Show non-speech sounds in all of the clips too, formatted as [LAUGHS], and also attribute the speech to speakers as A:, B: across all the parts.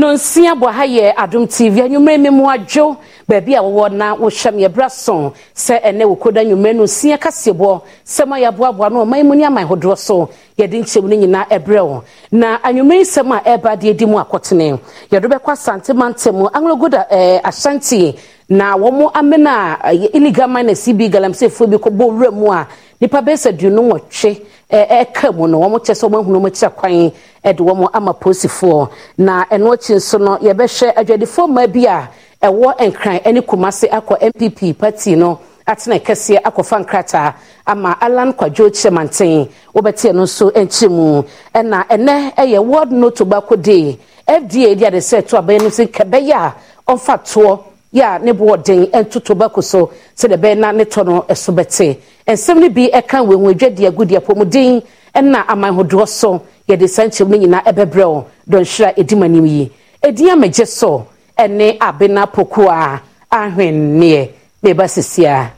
A: nonsia bɔ ha yɛ adom tv anwummerɛ mi mu adwo baabi a wɔwɔ na wɔhyɛ me ɛbrɛ so sɛ ɛnɛ wɔkɔda anwummerɛ no nsia kaseɛbɔ sɛm a yɛaboaboa no ɔman mu ne aman hodoɔ so yɛde nkyɛm no nyinaa ɛbrɛ wo na anwummerɛ nsɛm a ɛreba deɛ di mu akɔtene yɛde bɛkɔ asante mante mu anglogoda ɛɛ eh, ashanti na wɔn amena eh, illegal miners bi galamseyfoɔ bi kɔbɔ wura mu a nipa bɛyɛ sɛ aduonu wɔtwe ɛka eh, eh, mu no wɔn kyɛ sɛ wɔahunu wɔn kyɛ kwan de wɔn ama polisifoɔ na ɛno akyi nso no yɛbɛhwɛ adwadifoɔ mmaa bi a ɛwɔ nkran ne kumase akɔ npp party no atena kɛseɛ akɔfa nkrataa ama alan kwadwo kyerɛmanten wɔbɛte no nso nkyɛn mu ɛna ɛnɛ ɛyɛ world no tobacco day fda di adesɛ sɛ to abɛn no si kɛbɛyɛ a ɔmfa toɔ yɛ a ne boɔ den ntoto bɛko so sɛdeɛ ɛbɛyɛ na ne tɔ no ɛso bɛte nsɛm no bi ɛka e wɔn adwadi agudeɛ apɔmuden ɛna amanhodoɔ so yɛde sankyɛm no e nyinaa ɛbɛbrɛ wɔn dɔnhwera ɛdi e mu anim yi ɛdin amagye so ɛne abena pokoa ahwenneɛ na ɛba sisi a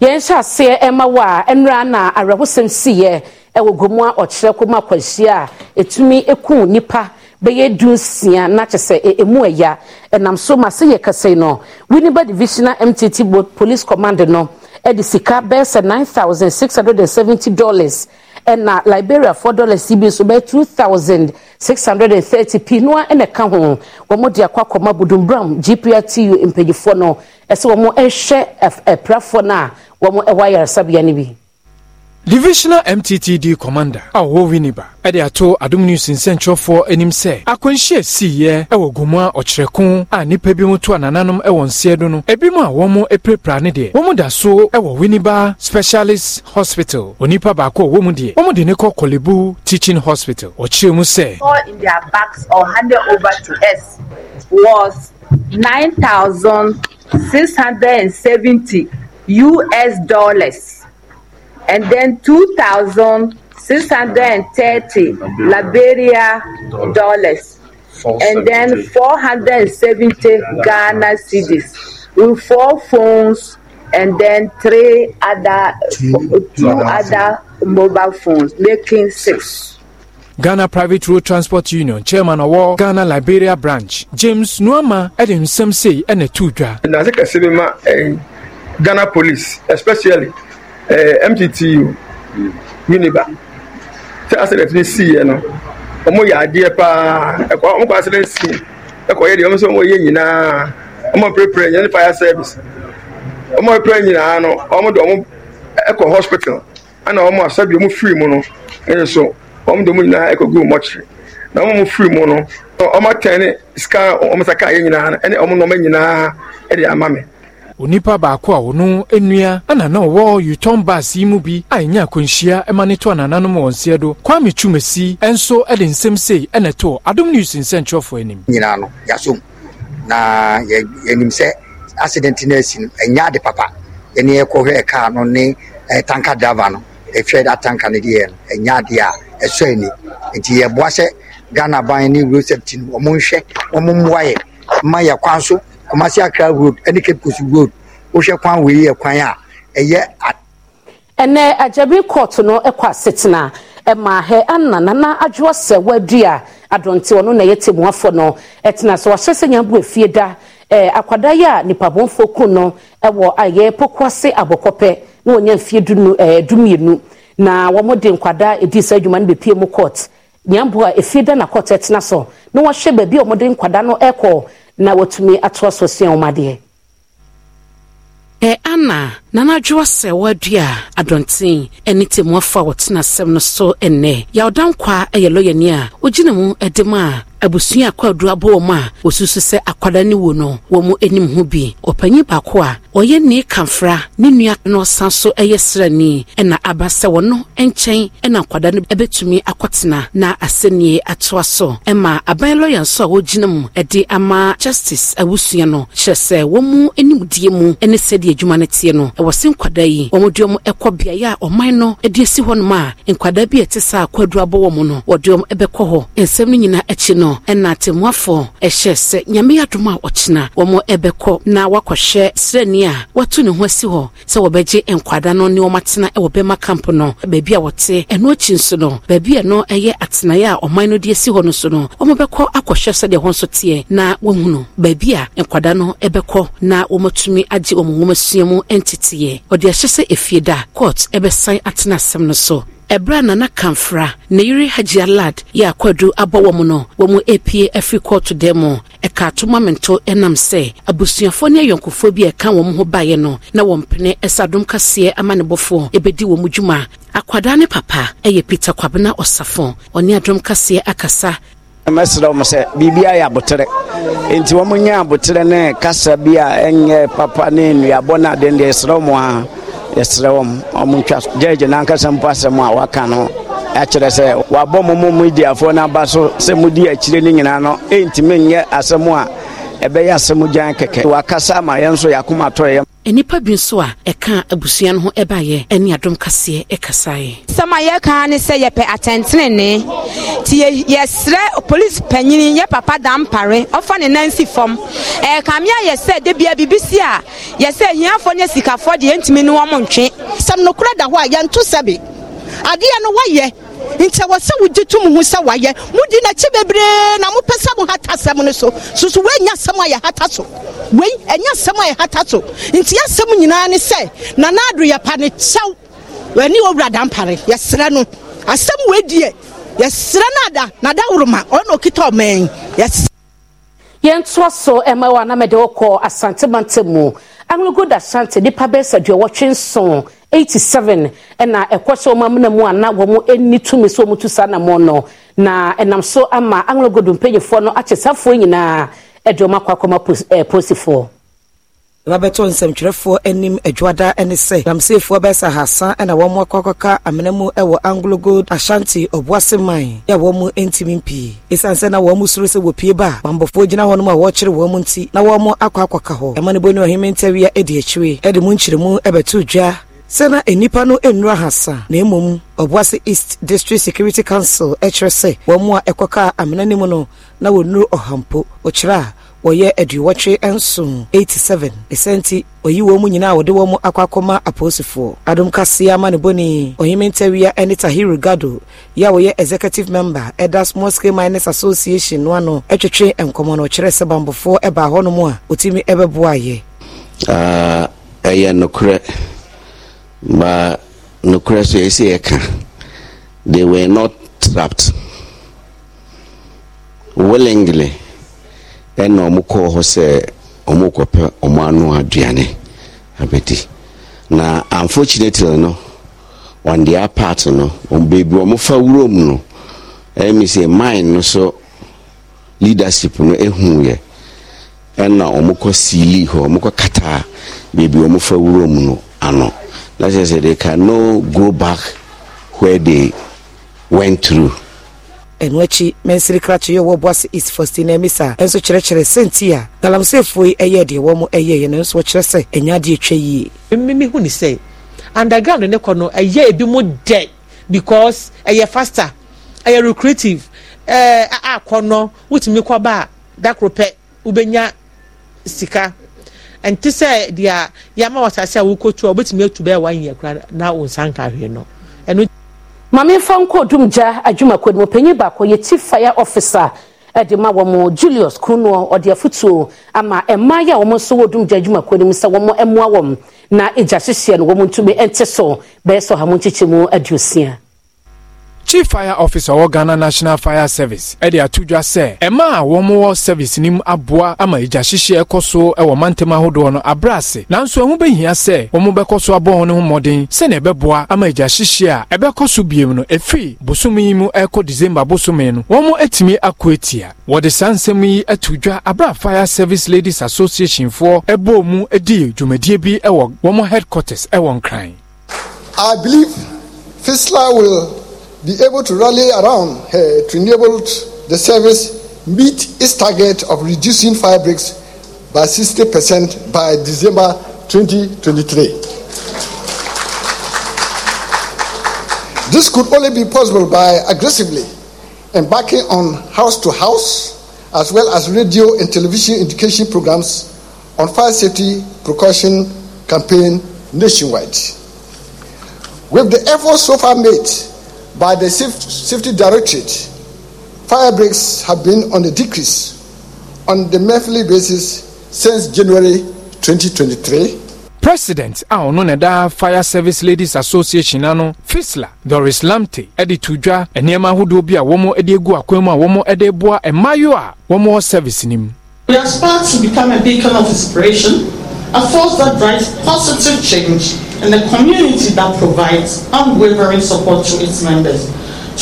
A: yɛn hyɛ aseɛ ɛma wo a ɛnura na awerɛhosɛm si yɛ ɛwɔ gomu a ɔkyerɛ kɔm akwahyia a ɛtumi ɛku nipa bɛyɛ du nsia na kyɛ sɛ ɛmu e-, ɛya ɛnam so ma se yɛ kɛse no winneba divisional mtt police command no ɛde sika bɛyɛ sɛ nine thousand six hundred and seventy dollars ɛna liberia four dollars yi bi nso bɛyɛ two thousand six hundred and thirty p noa ɛna ɛka ho wɔn de akɔ akɔma budumbram gprtu mpanyinfoɔ no ɛsɛ wɔn ɛhwɛ ɛprafoɔ no a wɔn ɛwɔ ayaresabea no bi
B: divisional mttd commander a wɔwɔ winiba ɛde ato adom news nsɛnkyerɛfoɔ anim sɛ akwanhyia siiɛ ɛwɔ gomua ɔkyerɛko a nnipa bi mu to anananom ɛwɔ nseɛ do no ebi mu a wɔn apirapira ne deɛ wɔn da so ɛwɔ winiba specialist hospital onipa baako a wɔn deɛ wɔn de ne kɔ kɔlebu teaching hospital ɔkyerɛ mu sɛ.
A: all in their bags or handed over to us was nine thousand six hundred and seventy. US dollars and then 2,630 Liberia dollars and then 470 Ghana cedis with four phones and then three other two, two other mobile phones making six.
B: Ghana Private Road Transport Union chairman ọwọ Ghana Liberia branch James Nuama ẹdi nsẹm sèyí ẹna tu dwa.
C: Ghana police, especially uh, MTTU, Uniba. Sɛ accident ni sii yɛ no, wɔn yɛ paa, ɛkɔ wɔn kɔ accident sii, ɛkɔ yɛ deɛ wɔn nso wɔn yɛ nyinaa, wɔn apirapira fire service, nyinaa no, wɔn de wɔn ɛkɔ hospital, ɛna wɔn asɛbi wɔn firi mu no, so wɔn de wɔn nyinaa ɛkɔ na firi mu no, wɔn atɛn ne sika wɔn sika yɛ nyinaa,
B: onipa baako a ɔno nua ɛna na ɔwɔ utɔn baas yi mu bi a ɛnya akwanhyia ɛma ne to anananom wɔn seɛ do kwame tumasi ɛnso ɛde nsɛm sei ɛna to adom news nsɛnkyerɛfoɔ anim
C: nyinaa no yɛasom na yɛnim sɛ accident no asi no ɛnyɛ ade papa ɛne yɛkɔhwɛ kaa no ne tanka driver no ɛhwɛ da tanka no deɛ no ɛnyɛ adeɛ a ɛsɔ ani nti yɛboa sɛ ghana ban ne road no ɔmo nhwɛ ɔmo mmoa yɛ ma yɛ kwan so Kumasi Accra road ɛne Cape Coast road wohwɛ kwan wei yɛ kwan a ɛyɛ.
A: ɛnɛ ajabi court no kɔ asetena ɛmaa hɛ ana nana adwoɔ sɛ wadua adonte ɔno na yɛte afɔ no ɛtena so wahyɛ sɛ nyambo efie da ɛɛ akwadaa yi a nipabɔnfo kun no ɛwɔ ayɛ pokuase abɔkɔpɛ na wɔnya mfie dunu ɛɛ dumienu na wɔn de nkwadaa edi sɛ adwuma no bepie mu court nyambo a efie da na court ɛtena so na wɔhyɛ baabi a wɔde nkwadaa no ɛkɔ na wɔtumi atoa so sua wɔn adeɛ. ɛ ana nanadwo sɛ wɔadua adɔnten ne temmua fa a wɔtena asɛm no so ɛnnɛ yɛwodankwa yɛ lɔyani a ogyina mu de ma a abusua akwadoɔ abɔ wɔn a wɔsusu sɛ akwadaa ne wo no wɔn anim ho bi ɔpanyin baako a ɔyɛ ne kamfra ne nua na ɔsan so yɛ srani na aba sɛ wɔn nkyɛn na akwadaa no bɛtumi akɔtena na asɛnniɛ atoa so ma aban lɔya nso a wɔgyina mu de ama justice abusua no kyerɛ sɛ wɔn animdie mu ne sɛdeɛ adwuma no teɛ no ɛwɔ se nkwadaa yi wɔn de wɔn kɔ beaeɛ a ɔman no de asi hɔnom a nkwadaa bi a ɛte sɛ akwadoɔ abɔ wɔn no wɔde wɔn bɛkɔ hɔ nsɛm no nyinaa akyi no no ɛna temmuafoɔ ɛhyɛ sɛ nyame yɛadom a ɔkyena wɔma ɛbɛkɔ na wakɔhyɛ srani a watu ne ho asi hɔ sɛ wɔbɛgye nkwadaa no ne wɔmatena ɛwɔ bɛma camp no Beebi a wɔte ɛno akyi nso no beebi a ɛyɛ atenaeɛ a ɔman no de asi hɔ no so no wɔmabɛkɔ akɔhwɛ sɛdeɛ hɔ nso teɛ na wɔahunu beebi a nkwadaa no ɛbɛkɔ na wɔmatumi agye wɔn nwomasua mu nteteeɛ wɔde ɛberɛ a nana kamfra ne yere hagye alad yɛ akwadu abɔ wɔ m no wɔ mu apue afiri kɔɔto dan mu ɛka ato mamento ɛnam sɛ abusuafoɔ ne ayɔnkofoɔ bi a ɛka wɔn ho baeɛ no na wɔn pene ɛsadom kaseɛ amanebɔfoɔ ɛbɛdi wɔn mu dwuma akwadaa ne papa ɛyɛ peter kwabena ɔsafo ɔne adom kaseɛ akasa
D: mɛsrɛ m sɛ biribia yɛ abotere enti wɔm nya ne kasa bi a ɛnyɛ papa ne nnuabɔ no
E: adendeɛ ɛsrɛ m a yɛsrɛ wɔm ɔmo ntwa gyegye nankasa mpo asɛm a waka no ɛkyerɛ sɛ wabɔ mo mo mediafoɔ no aba so sɛ modi akyire no nyinaa no ɛntimi
D: nyɛ asɛm a ɛbɛyɛ asɛm gyan kɛkɛ wakasa ama yɛn nso yɛakoma
A: nnipa bi nso a ɛka abusua no ho ɛbaeɛ ɛne adom kaseɛ ɛkasaeɛ sɛm a yɛka ne sɛ yɛpɛ atɛntenene nti yɛserɛ police panyini yɛ papa dampare ɔfa ne nansi fam ɛkame ayɛ sɛ da bia biribi si a yɛsɛ ahiafoɔ ne asikafoɔ deɛ yɛntumi ne wɔ mo ntwe sɛm nokora da hɔ a yɛnto sɛbe adeɛ no
F: wɔyɛ nkyɛ wɔ sɛ wogye to mo ho sɛ wayɛ modi n'akyi bebree na mopɛ sɛ mohata asɛm no so soso woanya asɛm a yɛhata so wei ɛnyɛ asɛm a yɛhata so nti yɛasɛm nyinaa ne sɛ nanaado yɛpa ne kyɛw w'ani wɔwura dampare yɛserɛ no asɛm wɔadie yɛserɛ no ada nada woroma ɔna ɔkita ɔman yɛs
A: yɛntoa so ɛma wɔ anamɛde wɔkɔ asantemantɛ mu anglogold asante nipa bɛyɛ sɛ aduɔwɔtwe nson 87 ɛna ɛkɔ sɛ wɔn amena mu ana wɔn ani tumi sɛ wɔn tu saa na mo no na ɛnam so ama anglogold mpanyinfoɔ no akyɛ safoɔ
F: nyinaa ɛde wɔn akɔ akɔma eh, polisifoɔ babɛto nsɛmtwerɛfoɔ anim adwada ne sɛ ramseefoɔ bɛsa hasa na wɔn akɔkɔka amena mu wɔ anglo gold ashanti ɔboase man a wɔn mu ntumi mpii ɛsiane sɛ na wɔn mu soro sɛ wɔpie ba a bambɔfoɔ gyina hɔ nom a wɔrekyere wɔn mu nti na wɔn akɔ akɔka hɔ ɛma no bɔni ɔhene ntawia adi akyire de mu nkyerɛmu bɛto dwa sɛ na nnipa no nnura hasa na mmom ɔboase east district security council kyerɛ sɛ wɔn a ɛkɔka amena no mu no na wɔnnuru ɔhampo ɔkyerɛ a wɔyɛ aduwɔtwe nson 87 ɛsɛnti oyi wɔn mu nyinaa wɔde wɔn akɔ akɔma apolisifoɔ adom kaseɛ ama ne bɔne ɔhene tahiru gado yi wɔyɛ executive member ɛda small scale miners association no ano twetwe nkɔmmɔ no ɔkyerɛ sɛ bambɔfoɔ ɛbaa hɔnom a ɔtumi ɛbɛboa ayɛ
D: ah, ɛyɛ nokorɛ ma nokorɛ so ɛsɛ yɛka they were not trapped willingly ɛna ɔmo kɔɔ hɔ sɛ ɔmo kɔpɛ ɔmo ano aduane abɛdi na unfortunately no on their part no beebi ɔmo fa wurom no ɛmi sɛ mine no so leadership no ehu yɛ ɛna ɔmo kɔ siili hɔ ɔmo kɔ kataa beebi ɔmo fa no ano na sɛ sɛ they can no go back where they went
F: ɛno akyi mansiri krakye yɛ wɔ boase east faustina misa ɛnso kyerɛkyerɛ sɛnti a galamseefoɔ yi ɛyɛ deɛ wɔn ɛyɛeɛ no nso wɔkyerɛ sɛ ɛnya adeɛ twa yie mmemme hu ne sɛ underground ne kɔ eh, no ɛyɛ ebi mu dɛ because
G: ɛyɛ faster ɛyɛ recreative ɛɛ akɔ no wotumi kɔ ba dakoro pɛ wobɛnya sika nti sɛ deɛ yɛama wɔ
A: asase a wokɔtu a wobɛtumi atu bɛyɛ wanyɛ kora na wo nsa nkahwɛ no ɛno maame nfa nkoodum gya adwuma kwan mu panyin baako yɛ ti fire officer ɛde ma wɔn julius kunuo ɔde afutuo ama mmaa yi a wɔn nso wɔ dum gya adwuma kwan mu sɛ wɔn mmoa wɔn na egya hyehyɛ no wɔn ntumi nte so bɛyɛ sɛ ɔhamu nkyekyɛ mu aduosia
B: chief fire officer wɔ ghana national fire service ɛde ato dwa sɛ ɛma a wɔn wɔ service nim aboa ama egya hyehyɛ ɛkɔ so ɛwɔ mantam ahodoɔ no abrɛ ase nanso ɛho bɛhia sɛ wɔn bɛkɔ so abɔ wɔn ho mmɔden sɛnea ɛbɛboa ama egya hyehyɛ a ɛbɛkɔ so biem no efiri bosom yi mu ɛkɔ december bosom yi no wɔn atumi akɔ etia wɔde saa nsɛm yi ato abra fire service ladies association foɔ ɛbɔ mu edi dwumadie bi ɛwɔ wɔn headquarters ɛwɔ nkran. i believe fisla
G: will.
C: be able to rally around her to enable the service meet its target of reducing fire breaks by 60% by December 2023. This could only be possible by aggressively embarking on house to house, as well as radio and television education programs on fire safety precaution campaign nationwide. With the efforts so far made, by the safety directorate, fire breaks have been on the decrease on the monthly basis since January 2023.
B: president a ɔno fire service ladies association ano fisla doris lamte de to dwa nneɛma ahodoɔ bi a wɔn de egu akwan mu a wɔn de boa mmaayewa a wɔn service no
D: we aspire to become a beacon of inspiration a force that drives positive change and a community that provides unwavering support to its members.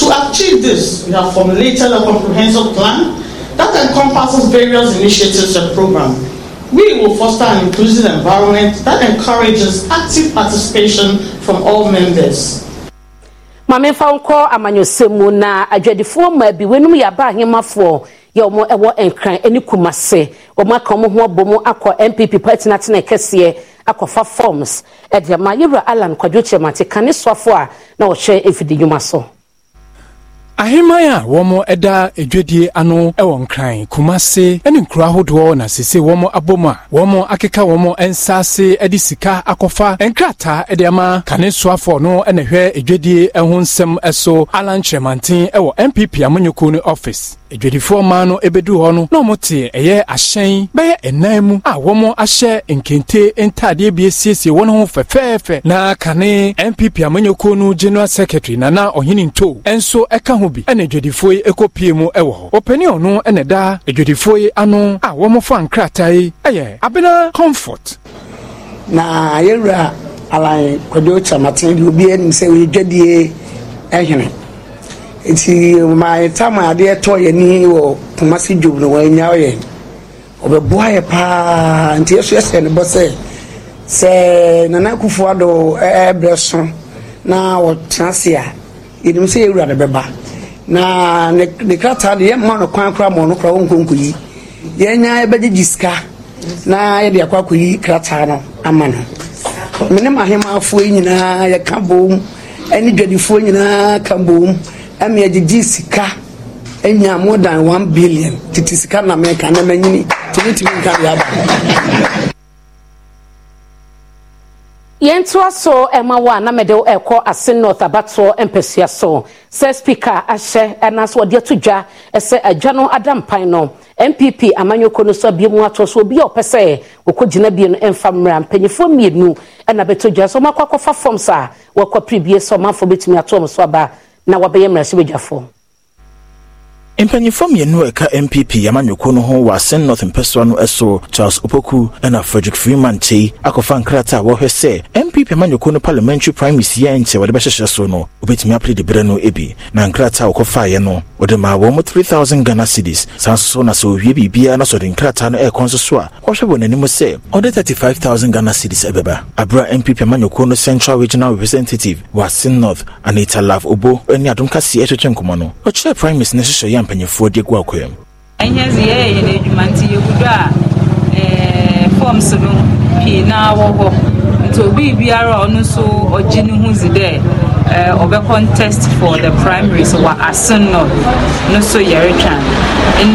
D: To achieve this, we have formulated a comprehensive plan that encompasses various initiatives and programs. We will foster an inclusive environment that encourages active participation from all members.
A: maame fa nkɔ amanyɔsɛm mu na adwadifoɔ mmaa bi wɔnum yɛ aba ahemafoɔ yɛ wɔn ɛwɔ nkran ne kumase wɔn aka wɔn ho abɔ mu akɔ npp party natena kɛseɛ akɔfa forms ɛdi ama yɛwura alan kwadwo kyerɛmate kane soafo a na ɔhwɛ mfidi nnwuma so
B: aheman a wɔn da adwadie ano wɔ nkran kumase ne nkuro ahodoɔ na sese wɔn abom a wɔn akeka wɔn nsa ase de sika akɔfa nkrataa de ama kanesoafo no na ɛhwɛ adwadie ho nsɛm so alan alankyerɛmanten wɔ npp amanyɔkuo no office adwadifoɔ mmaa no ebeduru hɔ no na wɔte ɛyɛ ahyɛn bɛyɛ ɛnan mu a wɔn ahyɛ nkente ntaadeɛ bi asiesie wɔn ho fɛfɛɛfɛ na kane npp amanyɔkuo no general secretary nana ɔhene nto nso ɛka ho bi ɛna adwadifoɔ yi ɛkɔ pie mu ɛwɔ hɔ ɔpanin ɔno ɛna ɛda adwadifoɔ yi ano a wɔn fa nkrataa yi ɛyɛ abena comfort. na
D: yɛwura alan kwadwo kyamaten deɛ obi anim sɛ oyɛ dwadie ɛhene nti my time adeɛ tɔ yɛ ni wɔ kumasi dwom no wɔn anya yɛ ɔbɛboa yɛ paa nti yɛ so yɛsɛ ne bɔ sɛ sɛ nana kufu ado ɛɛbrɛ e, e, so na wɔtena se a yɛnim sɛ yɛwura ne bɛba na ne krataa krataa deɛ yɛmma no kwan kora ma ɔno kora wɔn nkonko yi yɛnya yɛbɛgyegye sika na yɛde akɔ yi krataa no ama no mene mahemaafoɔ yi nyinaa yɛka bom ɛne dwadifoɔ nyinaa ka bom ɛmi agyegye sika enya more than one billion titi sika na mɛka na mɛnyini tumitumi nka yaba.
A: yɛntoa so ɛma wo a na mede ɛkɔ ase north abatoɔ mpɛsua so sɛ speaker ahyɛ anaasɛ wɔde ato dwa ɛsɛ adwa no ada mpan no npp amanyɔkɔ no so abie mu atɔ so obi a ɔpɛ sɛ wɔkɔgyina bie no mfa mmerɛ mpanyifoɔ mmienu ɛna bɛtɔ dwa so ɔmakɔ akɔfa fam so a wɔakɔpere bie sɛ ɔmanfoɔ bɛtumi ato ɔm so aba na a mmerɛsɛbadwafoɔ
H: mpanyinfoɔ mmienu a ɛka npp amanyɔkuo no ho wɔ asen north mpɛsoa no so charles opoku ɛna frederick freeman kyei akɔfa nkrataa a wɔhwɛ sɛ npp amanyɔkuo no parliamentary primaries yɛ nkyɛ wɔde bɛhyehyɛ so no obetumi apere de berɛ no bi na nkrataa a wɔkɔfaeɛ no wɔde maa wɔn mo 3000 ghana cedis saa nso na sɛ owie biribiara na sɛ ɔde nkrataa no ɛrekɔ nso so a wɔhwɛ wɔ n'anim sɛ ɔde 35000 ghana cedis ɛbɛba aberɛ a npp amanyɔkuo no central regional representative wɔ asen north anita lav obo ne adom kaseɛ ɛtwetwe nkɔmmɔ no ɔkyerɛ primaries no hyehyɛ yɛ mpanyifoɔ de gu akɔyam
A: ɛnyɛ sɛ yɛyɛ yɛn adwuma nti yɛwudu a eh, forms no pii na wɔ hɔ nti obi biara ɔno nso ɔgye ne ho zi dɛ eh, ɔbɛ contest for the primaries wɔ asen no no so yɛretwa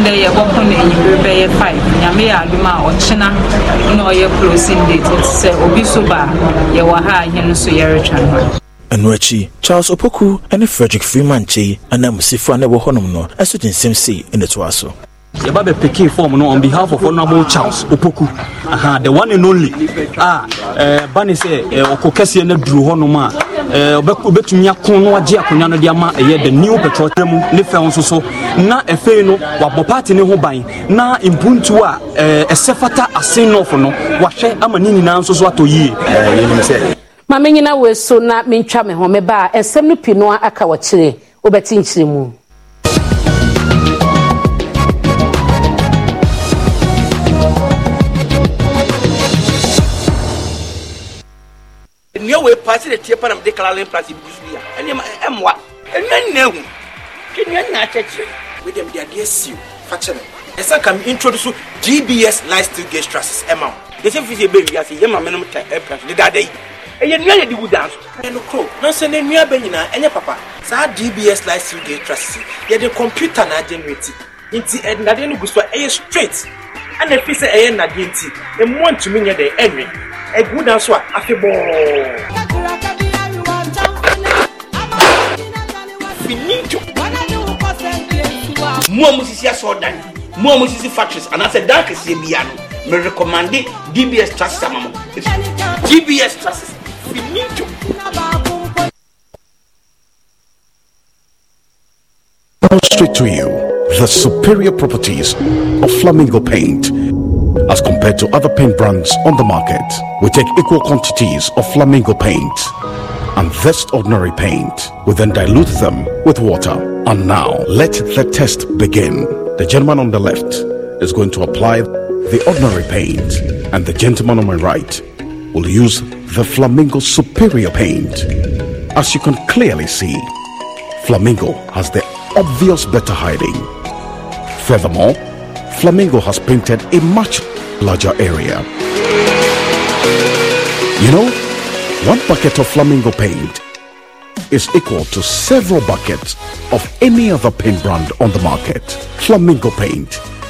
A: ndɛ yɛbɔko na enyimire bɛyɛ five nyame yɛ adom a ɔkyena na ɔyɛ closing date nti sɛ obi so ba yɛwɔ ha a yɛn nso
H: ɛno akyi charles opoku ne frederick freeman kyei anamsifo a na ɛwɔ hɔnom no ɛso de nsɛm sei ne so
A: yɛba bɛpeke
E: form no on behalf of honorable charles opoku aha the one and only a ba ne sɛ ɔkɔ kɛseɛ no aduru hɔnom a wobɛtumi ako no agye akonnwa no de ama ɛyɛ the new petrol mu ne fɛw nso so na afei no wabɔ party ne ho ban na mpuntu a ɛsɛ fata asen nɔfo no wahwɛ ama ne nyinaa nso so atɔ yie
A: maame nyina wei so na mentwa me ho meba a nsɛm no pii no aka wɔkyerɛ wobɛte nkyerɛ mu
E: nua wei pa sɛ detie pa na mede kalalen plas bi so bia ɛneɛma ɛmmoa ɛnua nyina hu ke nua nyina akyɛkyerɛ wede mede adeɛ sio fa kyɛ me ɛsɛ ka me introduce gbs life still gas trases ɛma wo deɛ sɛ firi sɛ ɛbɛwiase yɛma menom ta ɛpra so dedada yi ɛyɛ nua yɛ de wu daa so. ɛnu kuro nanso ne nua bɛ nyinaa ɛnyɛ papa saa dbs live studio trust yɛde kɔmputa na agyɛnwɛti nti ɛnadeɛ no gu so a ɛyɛ straight ɛna efi sɛ ɛyɛ nadeɛ nti ɛmoa ntumi nyɛ dɛ ɛnwe ɛgu daa so a afe bɔɔ. fini to. mu a mo sisi asɔɔdan mu a mo sisi factories anaasɛ dan kɛseɛ biara no merecommande dbs trust ama mo dbs trust. finito.
I: Demonstrate to you the superior properties of flamingo paint as compared to other paint brands on the market. We take equal quantities of flamingo paint and this ordinary paint. We then dilute them with water. And now let the test begin. The gentleman on the left is going to apply the ordinary paint, and the gentleman on my right will use the Flamingo Superior paint. As you can clearly see, Flamingo has the obvious better hiding. Furthermore, Flamingo has painted a much larger area. You know, one bucket of Flamingo paint is equal to several buckets of any other paint brand on the market. Flamingo paint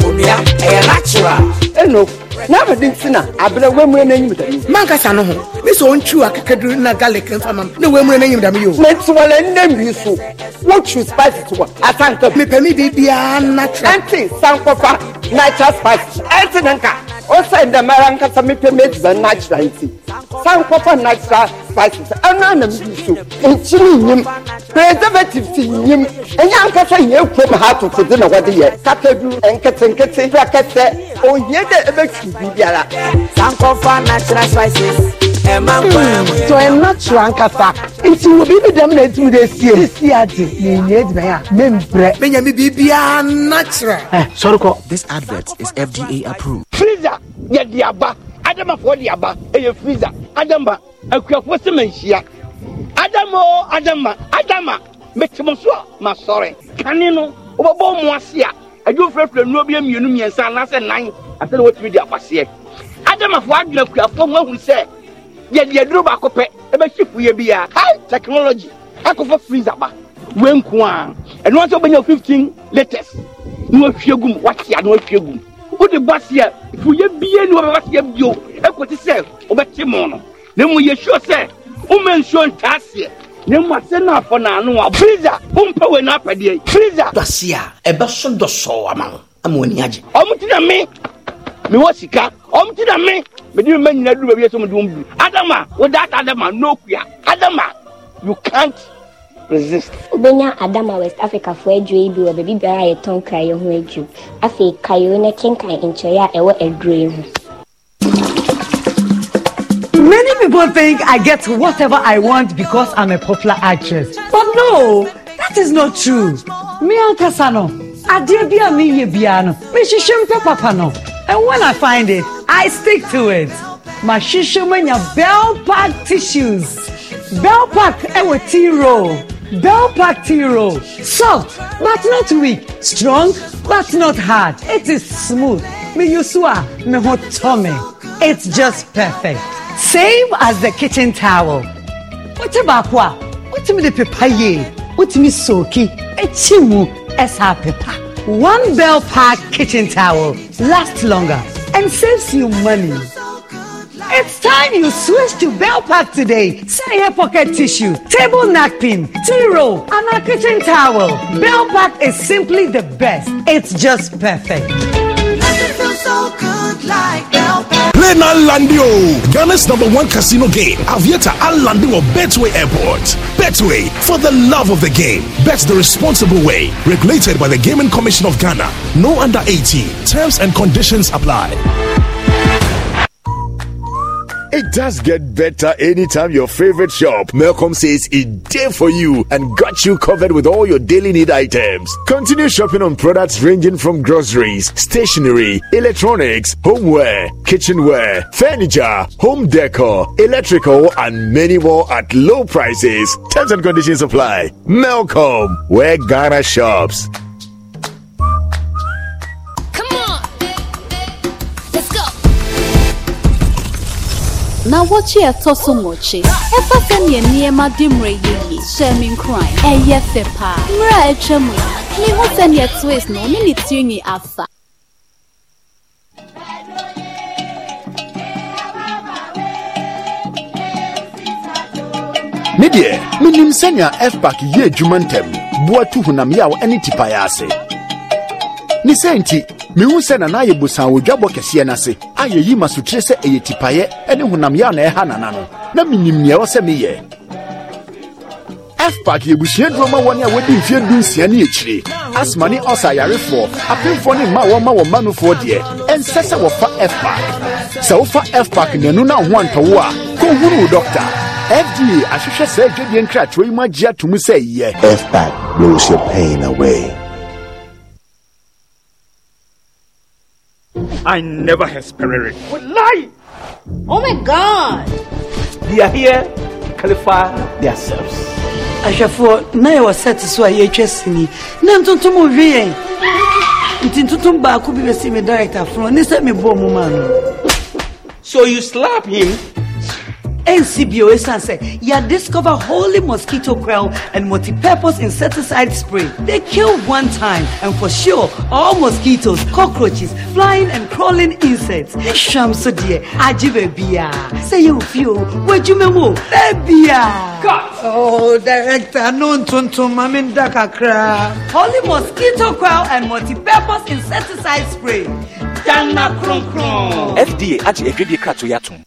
J: onua ɛyɛ natural. ɛnno n'afɔden ti na abirɛ
E: wɛmure n'enyim dami. mankasa no ho mi sɛ ɔntwi akekaduru na garlic nfama ne wɛmure n'enyim dami yi o.
D: mɛ tiwɔlɛ nnɛ mi so wotu spice tiwɔ asanka. mipɛmi de biara natural. ɛnti sankɔfa natural spice ɛnti ne nka o sɛ ndɛmɛ ara nkasa mipɛ mɛ ti bɛ natural nti san natural spices ɛno ana medi so nkyiri nyim preservatives nyim ɛnyɛ ankasa nyɛ kurom ha atofo de na wɔde yɛ kakadu nketenkete prakɛsɛ ohia dɛ ɛbɛtwi biribiara san
J: natural spices
D: tọ ẹ natural ankasa nti wo biribi dɛm na etu de esie esi adi na enye edumɛ a mɛ mbrɛ.
J: menya mi biribiara natural.
E: ɛ eh, sɔrɔ kɔ. this advert is fda approved. frida yɛ di aba adamafoɔ de aba ɛyɛ freezer adama akuafoɔ sɛ manhyia adama o adama adama mete mo so a masɔre kane no wobɛbɔ mo ase a adwo firafira nnuro bi mmienu mmiɛnsa anaasɛ nan asɛ na wɔtumi de akwaseɛ adamafoɔ adwena akuafoɔ ho ahunu sɛ yɛde aduro baako pɛ ɛbɛhye fuyɛ bia hi technology akɔfa freezer ba wei nko a ɛno a sɛ wobɛnya 15 latest na wahwie gum watea na wahwie gum wode bɔ aseɛ fuyɛ bie ne wɔbɛbɔ aseɛ bio ɛkɔti sɛ wobɛte mo no na mu yɛsuo sɛ woma nsuo ntaa aseɛ na mu asɛ no afɔ naano a brisa wompɛ wei no apɛdeɛ brisa dɔse a ɛbɛso dɔsɔɔ ama wo ama w'ani agye ɔmote na me mewɔ sika ɔmote na me mede mema nyina duru baabi sɛ mede wo mdu adam a wodaata adam a na okua adam you can't
D: resist.
F: wobɛnya adama west africafoɔ aduro yi bi wɔ baabi biara a yɛtɔn kraeɛ ho aduro afei kayo ne kenkan nkyɛeɛ a ɛwɔ aduro yi ho
J: Many people think I get whatever I want because I'm a popular actress. But no, that is not true. Me ankasa no, adeɛ bi a me biara no, papa no. And when I find it, I stick to it. Mahyehyɛ manya Bell pack tissues. Bell Park ɛwɔ tea roll. Bell Belpacti roll. Soft but not weak. Strong but not hard. It is smooth. Me Miyusua mehotome. It's just perfect. Same as the kitchen towel. Wote baako a wotumi de pepa yie wotumi sooki ekyi mu ɛsa pepa. One Bell Park kitchen towel lasts longer and saves you money. It's time you switch to bell pack today. Say your pocket tissue, table napkin, tea roll, and a kitchen towel. Bell pack is simply the best. It's
I: just perfect. Play now Landio, Ghana's number one casino game. Avieta and Landio Betway Airport. Betway, for the love of the game. Bet the responsible way. Regulated by the Gaming Commission of Ghana. No under 18. Terms and conditions apply.
K: It does get better anytime your favorite shop, Malcolm says, is there for you and got you covered with all your daily need items. Continue shopping on products ranging from groceries, stationery, electronics, homeware, kitchenware, furniture, home decor, electrical, and many more at low prices. Terms and conditions apply. Malcolm, where Ghana shops.
L: na wɔkye ɛtɔ so nwɔkye ɛfa sɛneɛ nneɛma de mmerɛ yɛ yi hyɛ me nkran ɛyɛ fɛ paa mmerɛ a ɛtwa e mu yi mehu sɛneɛ twis no ne ne tirinwi afa
K: ne deɛ menim sɛnea fpak yɛ adwuma ntɛm boa tu honam yaw ne tipayɛ ase ne sɛ nti mehu sɛ nana ayɛ bosan wɔ kɛseɛ no ase a yɛyi ma sotire sɛ ɛyɛ tipayɛ ne honamyɛ a na ɛha nana no na menim nea ɛwɔ sɛ meyɛ fpak yɛbusua duro ma wɔne a wɔdi mfeɛ du ne akyire asma ne ɔsa ayarefoɔ apemfoɔ ne mma a wɔma wɔ manofoɔ deɛ ɛnsɛ sɛ wɔfa fpak sɛ wofa fpak nanu na ho antɔwo a kɔhunu wo dɔkta fda ahwehwɛ saa adwadeɛ nkratoɔ yi mu agyea to mu sɛ yɛ fpak blows your pain away
E: I never experienced. Would lie.
A: Oh my God.
J: They are here to clarify themselves. ahwɛfoɔ na yɛwɔ sɛte so a yɛatwa sini na ntontom ɔhwe yɛn nti I could be the same director fono ne sɛ mebɔɔ mu maa so you slap him NCBO Sanse, you discover holy mosquito coil and multi-purpose insecticide spray. They kill one time and for sure all mosquitoes, cockroaches, flying and crawling insects. Shamsu dear, ajibebia. Say you feel where you mewo, bebia. Cut. Oh, director, no tuntum, mamin dakakra. Holy mosquito coil and multi-purpose insecticide spray. Dana kron
E: kron. FDA, aji ekribi kato yatum.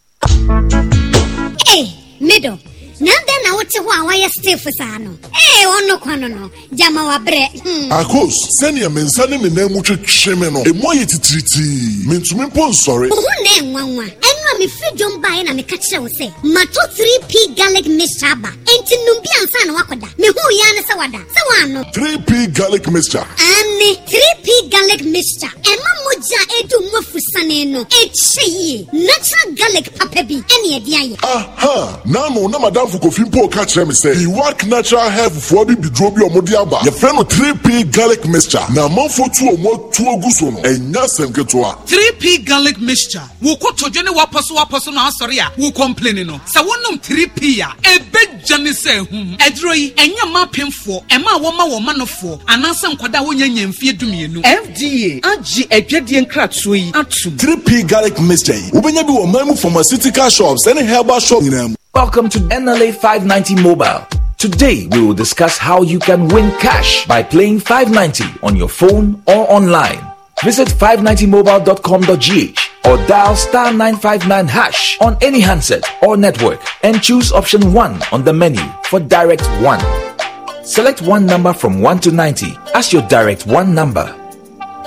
J: A. Eh, Middle eh, Eh, hmm. na na wote hɔ a wayɛ stiff saa no ee ɔno kwan no gyama wabrɛ. akos
K: sɛnea me nsa ne me nan mu twetwe me no emu ayɛ titiritii mentumi mpo nsɔre. ohun
J: na ɛnwanwa ɛnu a mefiri
E: dwom baeɛ na meka kyerɛ wo sɛ mato 3p garlic mixture aba enti num bi ansa na
J: wakɔda mehu yɛa ne sɛ wada sɛ woano
K: 3p garlic mixture
J: ane 3p garlic mixture ɛma mogya a ɛdu mu afusane no ɛkyɛ yie natural garlic papa bi ɛne ɛde ayɛ
K: aha naano na madam asafo kofi mpo ka kyerɛ me sɛ iwak natural health foɔ bi biduro bi ɔmo de aba yɛfrɛ no 3p garlic mixture na amanfo tu ɔmo atu agu so no ɛnya sɛm ketewa.
E: 3p garlic mixture wò kó tòjó ne wapɔ so wapɔ so na asɔre a wò kɔmpleni no sɛ wɔnum 3p a ebe gya ne sɛ ehum ɛduro yi ɛnyɛ mmaa pimfoɔ ɛmaa wɔma wɔma no foɔ anaasɛ nkwadaa wɔnyɛ nyɛ mfie dumienu. fda agye adwadeɛ nkratoɔ yi atum.
K: 3p garlic mixture yi wobɛnya bi wɔ man mu pharmaceutical shops ɛne herbal shop nyinaa mu. Welcome to NLA 590 Mobile. Today
H: we will discuss how you can win cash by playing 590 on your phone or online. Visit 590mobile.com.gh or dial star 959 hash on any handset or network and choose option 1 on the menu for direct 1. Select one number from 1 to 90 as your direct 1 number.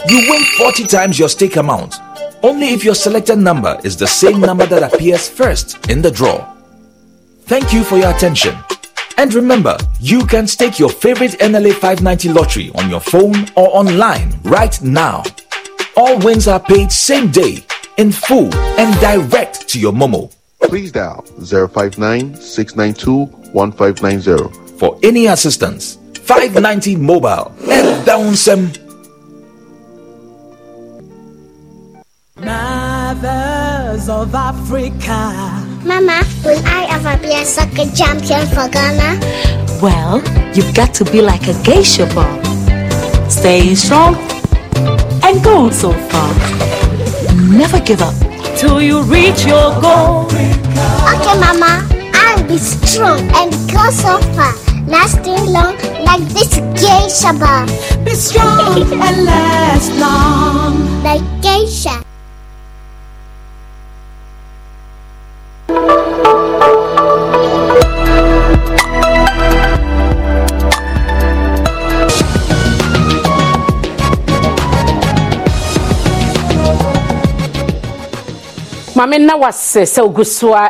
H: You win 40 times your stake amount only if your selected number is the same number that appears first in the draw. Thank you for your attention. And remember, you can stake your favorite NLA 590 lottery on your phone or online right now. All wins are paid same day, in full, and direct to your
I: Momo. Please dial 059 for any assistance. 590 Mobile and down some.
J: Mothers of Africa Mama, will I ever be a soccer champion for Ghana?
M: Well, you've got to be like a geisha ball. Stay strong and go so far. Never give up till you reach your
J: goal.
L: Okay,
J: Mama, I'll be strong and go so far.
L: Lasting long like this geisha ball. Be strong and last long like geisha.
A: maame na wase sɛ ogu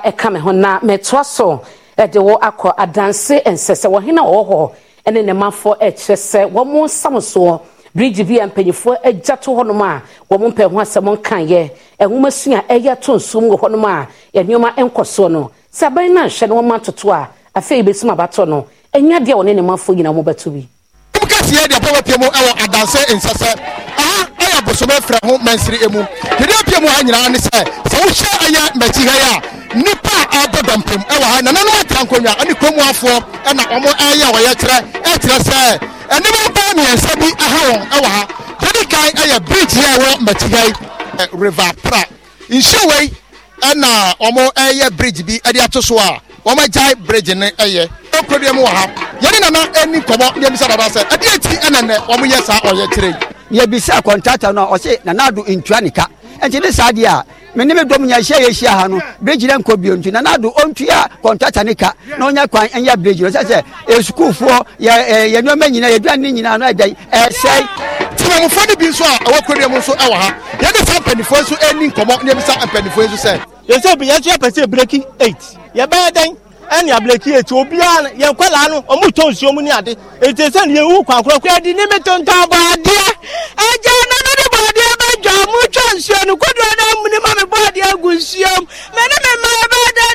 A: ɛka me ho na metoa so ɛde wɔ akɔ adanse nsɛ sɛ wɔhene ɔwɔ hɔ ɛne ne mafo ɛkyerɛ sɛ wɔn nsam soɔ birigi bi a mpanyinfoɔ agya to hɔnom a wɔn mpɛ ho asɛm nkaeɛ ɛnwoma sun a ɛyɛ to nsum wɔ hɔnom a nneɛma nkɔ soɔ no sɛ aban no ahwɛ no wɔn atoto a afei ebesim abatɔ no ɛnya deɛ wɔne ne mafo nyinaa wɔbɛto bi.
N: kum kɛseɛ deɛ a bosome ho mansiri emu dedeɛ bia mu ha nyinaa ne sɛ sɛ wohyɛ ɛyɛ mmakyi ha yi
C: a nnipa a ɛbɔ dɔmpem ɛwɔ ha nananom atra nkonnwa ɛne kurom afoɔ ɛna wɔn ɛyɛ wɔyɛ kyerɛ ɛkyerɛ sɛ ɛnneɛma baa mmiɛnsa bi aha wɔn ɛwɔ ha dedeɛ kan ɛyɛ
N: bridge a ɛwɔ mmakyi ha yi ɛ river pra nhyɛwɛi ɛna wɔn ɛyɛ bridge bi ɛde ato so a wɔn agyae bridge ne ɛyɛ ɛkuro deɛ mu wɔ ha yɛne
D: nana ɛni nkɔmɔ deɛ mi dada sɛ ɛdeɛ ti ɛnɛnɛ wɔn yɛ saa ɔyɛ kyerɛ yi yɛbisa kɔntrata no a ɔse nanaado ntua ne ka nti ne saa deɛ a mene me dɔm nyahyia yɛhyia ha no bridge no nkɔ bio nti nanaado ɔntua kɔntrata ne ka na ɔnya kwan ɛnyɛ bridge no sɛ sɛ e, ɛsukuufoɔ yɛnnoɔma e, nyinaa yɛduane ne nyinaa no ɛdɛn ɛsɛe timamufoɔ no bi nso a ɛwɔ korea mu nso ɛwɔ ha yɛde saa mpanimfoɔ nso ɛni nkɔmmɔ na yɛbisa mpanimfoɔ nso sɛ yɛsɛ bi yɛso
E: yɛpɛ sɛ breki 8 yɛbɛyɛ dɛn ɛne abirakyi eti obiara yɛn nkɔla no ɔmo tɔ nsuo mu ne ade eti sɛ ne yɛn wu kwankoro kura di ne mi tontɔn bɔɔdeɛ ɛgya nanu de bɔɔdeɛ bɛ dwa mo tɔ nsuo no kodoɔ na mu ne ma mi bɔɔdeɛ gu nsuo mu mɛ ne mi mɛ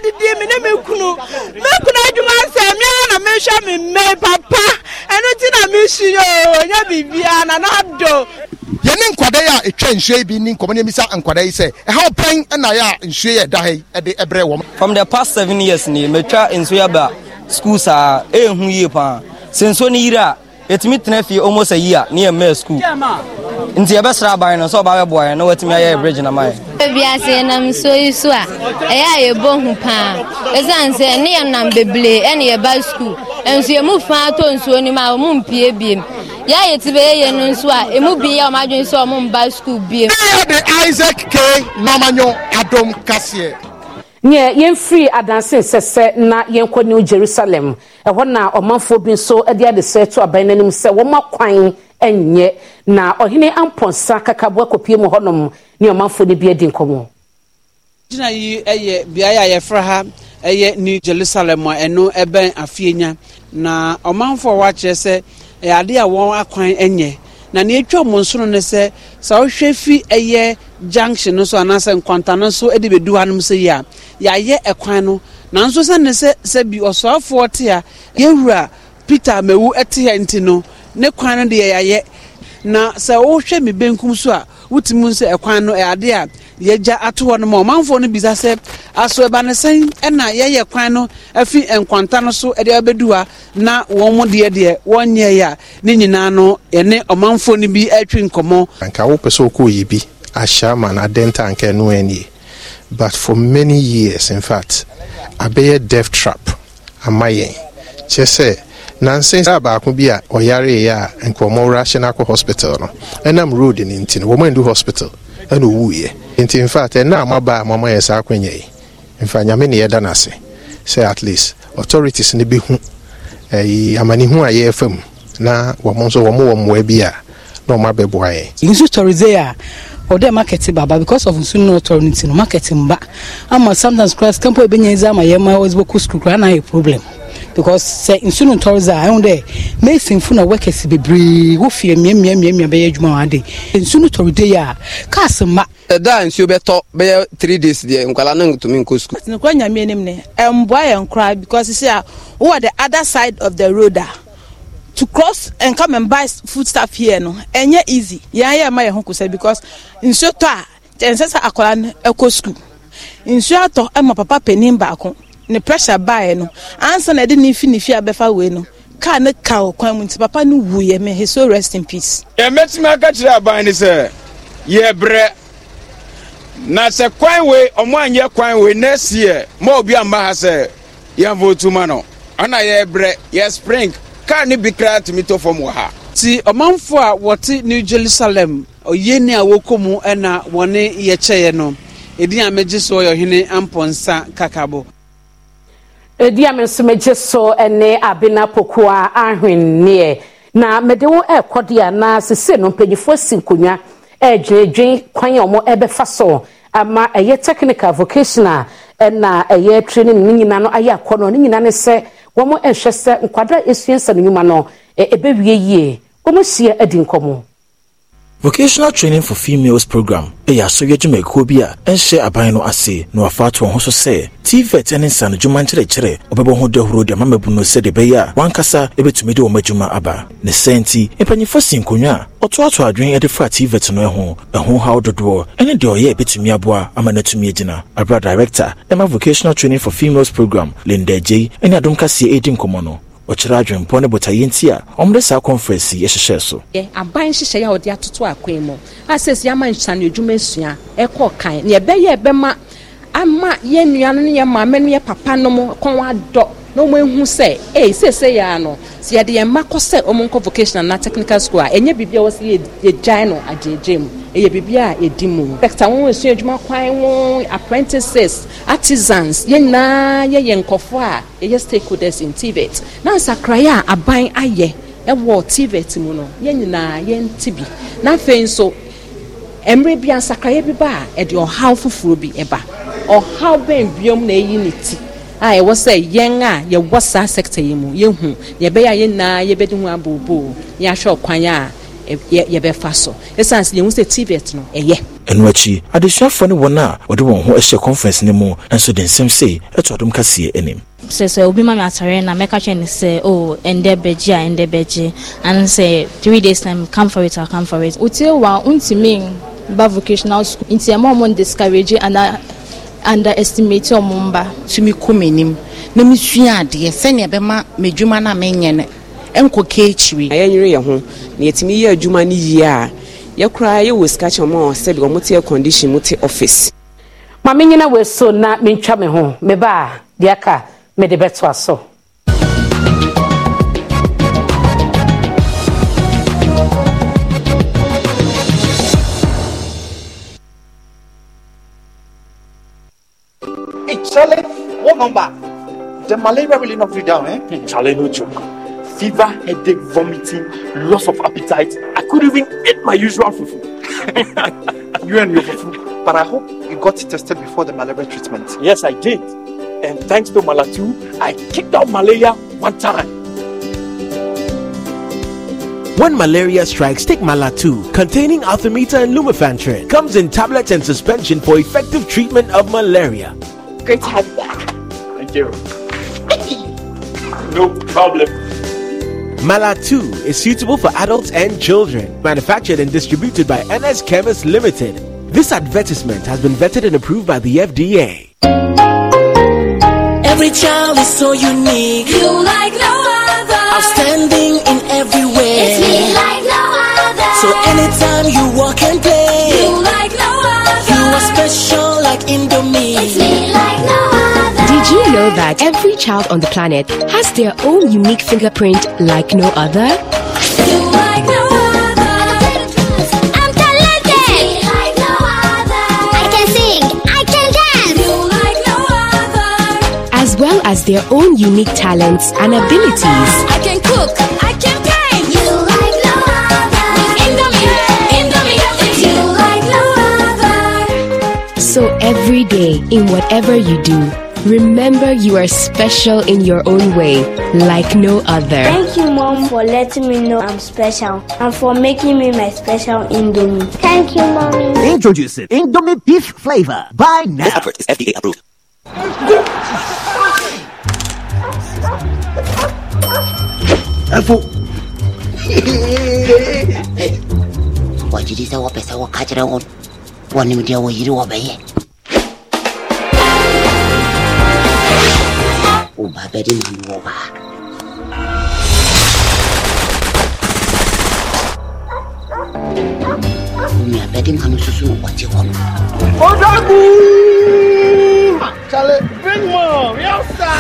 E: adidie mi ne mi kunu mi kunu adwuma nsɛ mi ara mi hwɛ mi mmɛ papa ɛnu ti na mi si yoo nye bibia na na do. yɛne nkwadaa a ɛtwa nsuo yi bi ne nkɔmmɔ nemi sa nkwadaa yi sɛ ɛhaw pɛn ɛna yɛ a nsuo yɛ ɛda yi ɛde
F: ɛbrɛ wɔm from the past seven years ni matwa nsuo aba school saa ɛyɛ hu yie paa sɛ nsuo no yiri a ɛtumi tena fie almost a year ne yɛ mmɛɛ school nti yɛbɛsra aban no sɛ ɔba bɛboa yɛn na watumi ayɛ bridge na mayɛ
L: biase yɛnam nsuo yi a ɛyɛ a yɛbɔ hu paa ɛsiane sɛ ne yɛnam bebree ɛne yɛba ɛnso yɛmu fa nsuo no mu a ɔmo mpie biem yɛ a yɛte no nso a ɛmu bi yɛ ɔmo adwene sɛ ɔmo mba sukuu biem
N: ɛyɛde isaac k namanyo adom kaseɛ
A: nyɛ yɛmfiri adanse nsɛsɛ na yɛnkɔ new jerusalem ɛhɔ na ɔmanfoɔ nso de adesɛ to aban no anim na ɔhene ampɔnsa kakaboa kɔpie mu hɔnom ne ɔmanfoɔ no bi adi nkɔmmɔ
J: gyina yi yɛ
D: beaeɛ a yɛfrɛ ha yɛ new jerusalem a ɛno bɛn afeenya na ɔmanfoɔ wɔakyerɛ sɛ ɛyɛ ade a wɔn akwan nyɛ na nea ɛtwa mo nsono ne sɛ sɛ wohwɛ fi ɛyɛ junction no so anaasɛ nkwanta no so de bɛdu nom sɛ yi a yɛayɛ ɛkwan no nanso sɛne sɛ sɛ bi ɔsoafoɔ te a yɛwura peter mawu te ha nti no ne kwan no deɛ yɛayɛ na sɛ wohwɛ me benkum so a wotumi sɛ ɛkwan no ɛade a yɛgya ato hɔ no ma ɔmanfoɔ no bisa sɛ aso ɛbanesɛn ɛna yɛyɛ kwan no afi nkwanta no so ɛde abɛdu na wɔn mo deɛ deɛ wɔnyɛ yɛ a ne nyinaa no ɛne ɔmanfoɔ no bi atwi nkɔmmɔ. anka
N: wopɛ sɛ wokɔ yi bi ahyɛ ama no adɛnta anka ɛno ɛnie but for many years in fact abɛyɛ death trap ama yɛn kyerɛ sɛ na nansensa baako bi a ọ ɔyareeɛ a nkɔmmɔ rational kɔ hospital no ɛnam road no nti no wɔma ndu hospital ɛna ɔwuiɛ nti infact ɛna amaba a mama yɛ saa akwanya yi mfa nyame ne yɛda no ase sɛ at least authorities no bɛhu ɛyi
F: amanehu a yɛfa mu na wɔn nso wɔn wɔ mmoa bi a na wɔn abɛboa yɛn. nsu tɔre de a ɔdɛ market baba because of nsu no tɔre no ti no market mba ama sometimes class kampo ebi nyɛ nza ama yɛn ma ɔdze bɔ kó sukuu kura na ayɛ problem. because sɛ nsu no ntɔre dza ɛho dɛ mesinfo na workers bebree wofie mmiammiammiamia bɛyɛ adwuma wɔ ade nsu no tɔre de yi a cars ma,
D: ɛda a nsuo bɛtɔ bɛyɛ three days deɛ nkwala no ntumi nkɔ
F: sukuu. nukura nyame anim ne ɛmboa yɛn koraa because sisi a wowɔ the other side of the road a ah? to cross and come and buy food stuff here no ɛnyɛ easy yɛn ayɛ ɛma yɛn ho kusa because nsuo tɔ a kyɛn sɛ sɛ akwadaa no ɛkɔ sukuu nsuo atɔ ɛma papa panin baako ne pressure baeɛ no ansa na ɛde ne fi ne fi abɛfa wei no kaa ne ka wɔ kwan mu nti papa no wu yɛ me he so rest in peace.
E: yɛmɛtumi aka kyerɛ aban ne sɛ yɛbrɛ na sɛ kwan wei ɔmo anyɛ kwan wei next year mo obi amma ha sɛ yɛmfa otuma no ɔna yɛbrɛ yɛ spring
D: kaa ne bi kra tumi tɔ fam wɔ ha. ti ɔmanfo a wɔte new jerusalem ni a wɔkɔ mu ɛna wɔne yɛkyɛeɛ no edi a megye soɔ yɛ ɔhene ampɔnsa kakabo
A: ɛdi eh, a me megye so ne abena pokoa ahwenneɛ na mede wo ɛrekɔ a na sesei no mpanyifoɔ si nkonnwa ɛredwendwen eh, kwan a ɔmo ɛbɛfa so ama ɛyɛ technical vocational ɛna ɛyɛ training ne nyinaa no ayɛ akɔ no ne nyinaa ne sɛ wɔn ɛrehwɛ sɛ nkwadaa esua nsa no nnwuma no eh, ɛbɛwie yie wɔn ahyia adi nkɔmɔ.
H: vocational training for females program ɛyɛ asɔre adwumakuo bi a ɛnhyɛ aban no ase na wafa ato wɔn ho so sɛ tvet ne nsanodwuma nkyerɛkyerɛ ɔbɛbɔ ho dahoro de amamabu no sɛde ɛbɛyɛ a wankasa ɛbɛtumi de wɔn adwuma aba ne sɛ nti mpanyimfo si nkonnwa a ɔtoato adwene de fa tvet no ho ɛho haw dodoɔ ne deɛ ɔyɛ ɛbɛtumi aboa ama no atumi agyina abra director ɛma vocational training for females program linda gye ne adom kaseɛ ɛdi nkɔmmɔ no ɔkyerɛ adwenpɔ ne botaeɛ nti a ɔmde saa conference yi hyehyɛ so
A: aban nhyehyɛeɛ a wɔde atoto akwan mu a sɛsi ama nhyane adwuma asua ɛkɔ kan ne ɛbɛyɛ ɛbɛma ama yɛn nnuano ne yɛ maame no yɛ papa no mu kɔn adɔ na wɔn ehu sɛ ee seesei ya no sɛ yɛde yɛn mma kɔ sɛ wɔn nkɔ vocational na technical school a ɛnyɛ biribi a wɔsɛ yɛ yɛgyae no agyegye mu ɛyɛ biribi a yɛdi mu. sector wɔn esua adwuma kwan wɔn apprentices artisans yɛn nyinaa yɛyɛ nkɔfoɔ a yɛyɛ stakeholders in tibet na nsakraeɛ a aban ayɛ ɛwɔ tibet mu no yɛn nyinaa yɛn ti bi na afei nso mmerɛ bi ansakraeɛ bi ba a ɛde ɔhaw foforɔ bi ɛba ɔhaw bɛn biom na ɛyi ne ti a ɛwɔ sɛ yɛn a yɛwɔ saa sector yi mu yɛhu yɛbɛyɛ a yɛnaa yɛbɛdi ho abooboo yɛahwɛ ɔkwan a yɛbɛfa so ɛsiane sɛ yɛhu sɛ tibet no ɛyɛ
H: ɛno akyi adesuafoɔ ne wɔn a wɔde wɔn ho ahyɛ conference no mu nso de nsɛm sei ɛto adom kaseɛ anim
A: sɛ sɛ obi ma me atare na mɛka kyerɛ no sɛ o oh, ɛndɛ bɛgye a ɛndɛ bɛgye ane sɛ three days time come for it a come for it wotie wa wontumi ba vocational school nti ɛma ɔmo discourage anaa underestimate ɔmo mba. tumi kɔ m'anim na mesua adeɛ sɛnea bɛma m'adwuma no a menyɛ no ɛnkɔ kaakyiri yɛnyere yɛ ho na yɛtumi yɛ adwuma no yie a yɛkoraa yɛwɔ
F: sika kyɛ ɔmo a sɛbi ɔmo te condition mu te office
A: ma menyina wɔ so na mentwa me ho meba a deɛ aka mede bɛtoa so
E: Charlie, what number? The malaria really not you down, eh? Hmm, Charlie, no joke. Fever, headache, vomiting, loss of appetite. I couldn't even eat my usual fufu. [LAUGHS] you and your fufu. But I hope you got tested before the malaria treatment. Yes, I did. And thanks to Malatu, I kicked out malaria one time.
H: When malaria strikes, take Malatu, containing Arthemeter and Lumefantrin. Comes in tablets and suspension for effective treatment of malaria.
L: Great to
E: have you back. Thank you. no problem.
H: Mala 2 is suitable for adults and children. Manufactured and distributed by NS Chemist Limited. This advertisement has been vetted and approved by the FDA.
J: Every child is so unique. You like no other. Outstanding
M: in every way. It's me like no other. So anytime you walk and play, you like no other. You are special like the
L: know that every child on the planet has their own unique fingerprint like no other? Like no other.
J: I'm talented. Like no other. I can sing. I can dance. Like no
L: other. As well as their own unique talents and abilities. I can cook. I can paint. You like no other. Indomie. Indomie. You like no other. So every day, in whatever you do, Remember, you are special in your own way, like no other. Thank you, Mom, for letting me know I'm special and for making me my special Indomie. Thank you, Mommy.
E: Introducing
J: Indomie Beef Flavor. Buy now. This advert is FDA
M: approved. say what? sawa pesa wa kajira on. Wani mdia wajiri wa baye. bɛde ma no ɔbaa onua bɛde ma no susu no ɔte hɔ no
D: ɔdagu Charlie,
E: bring mom, yosa!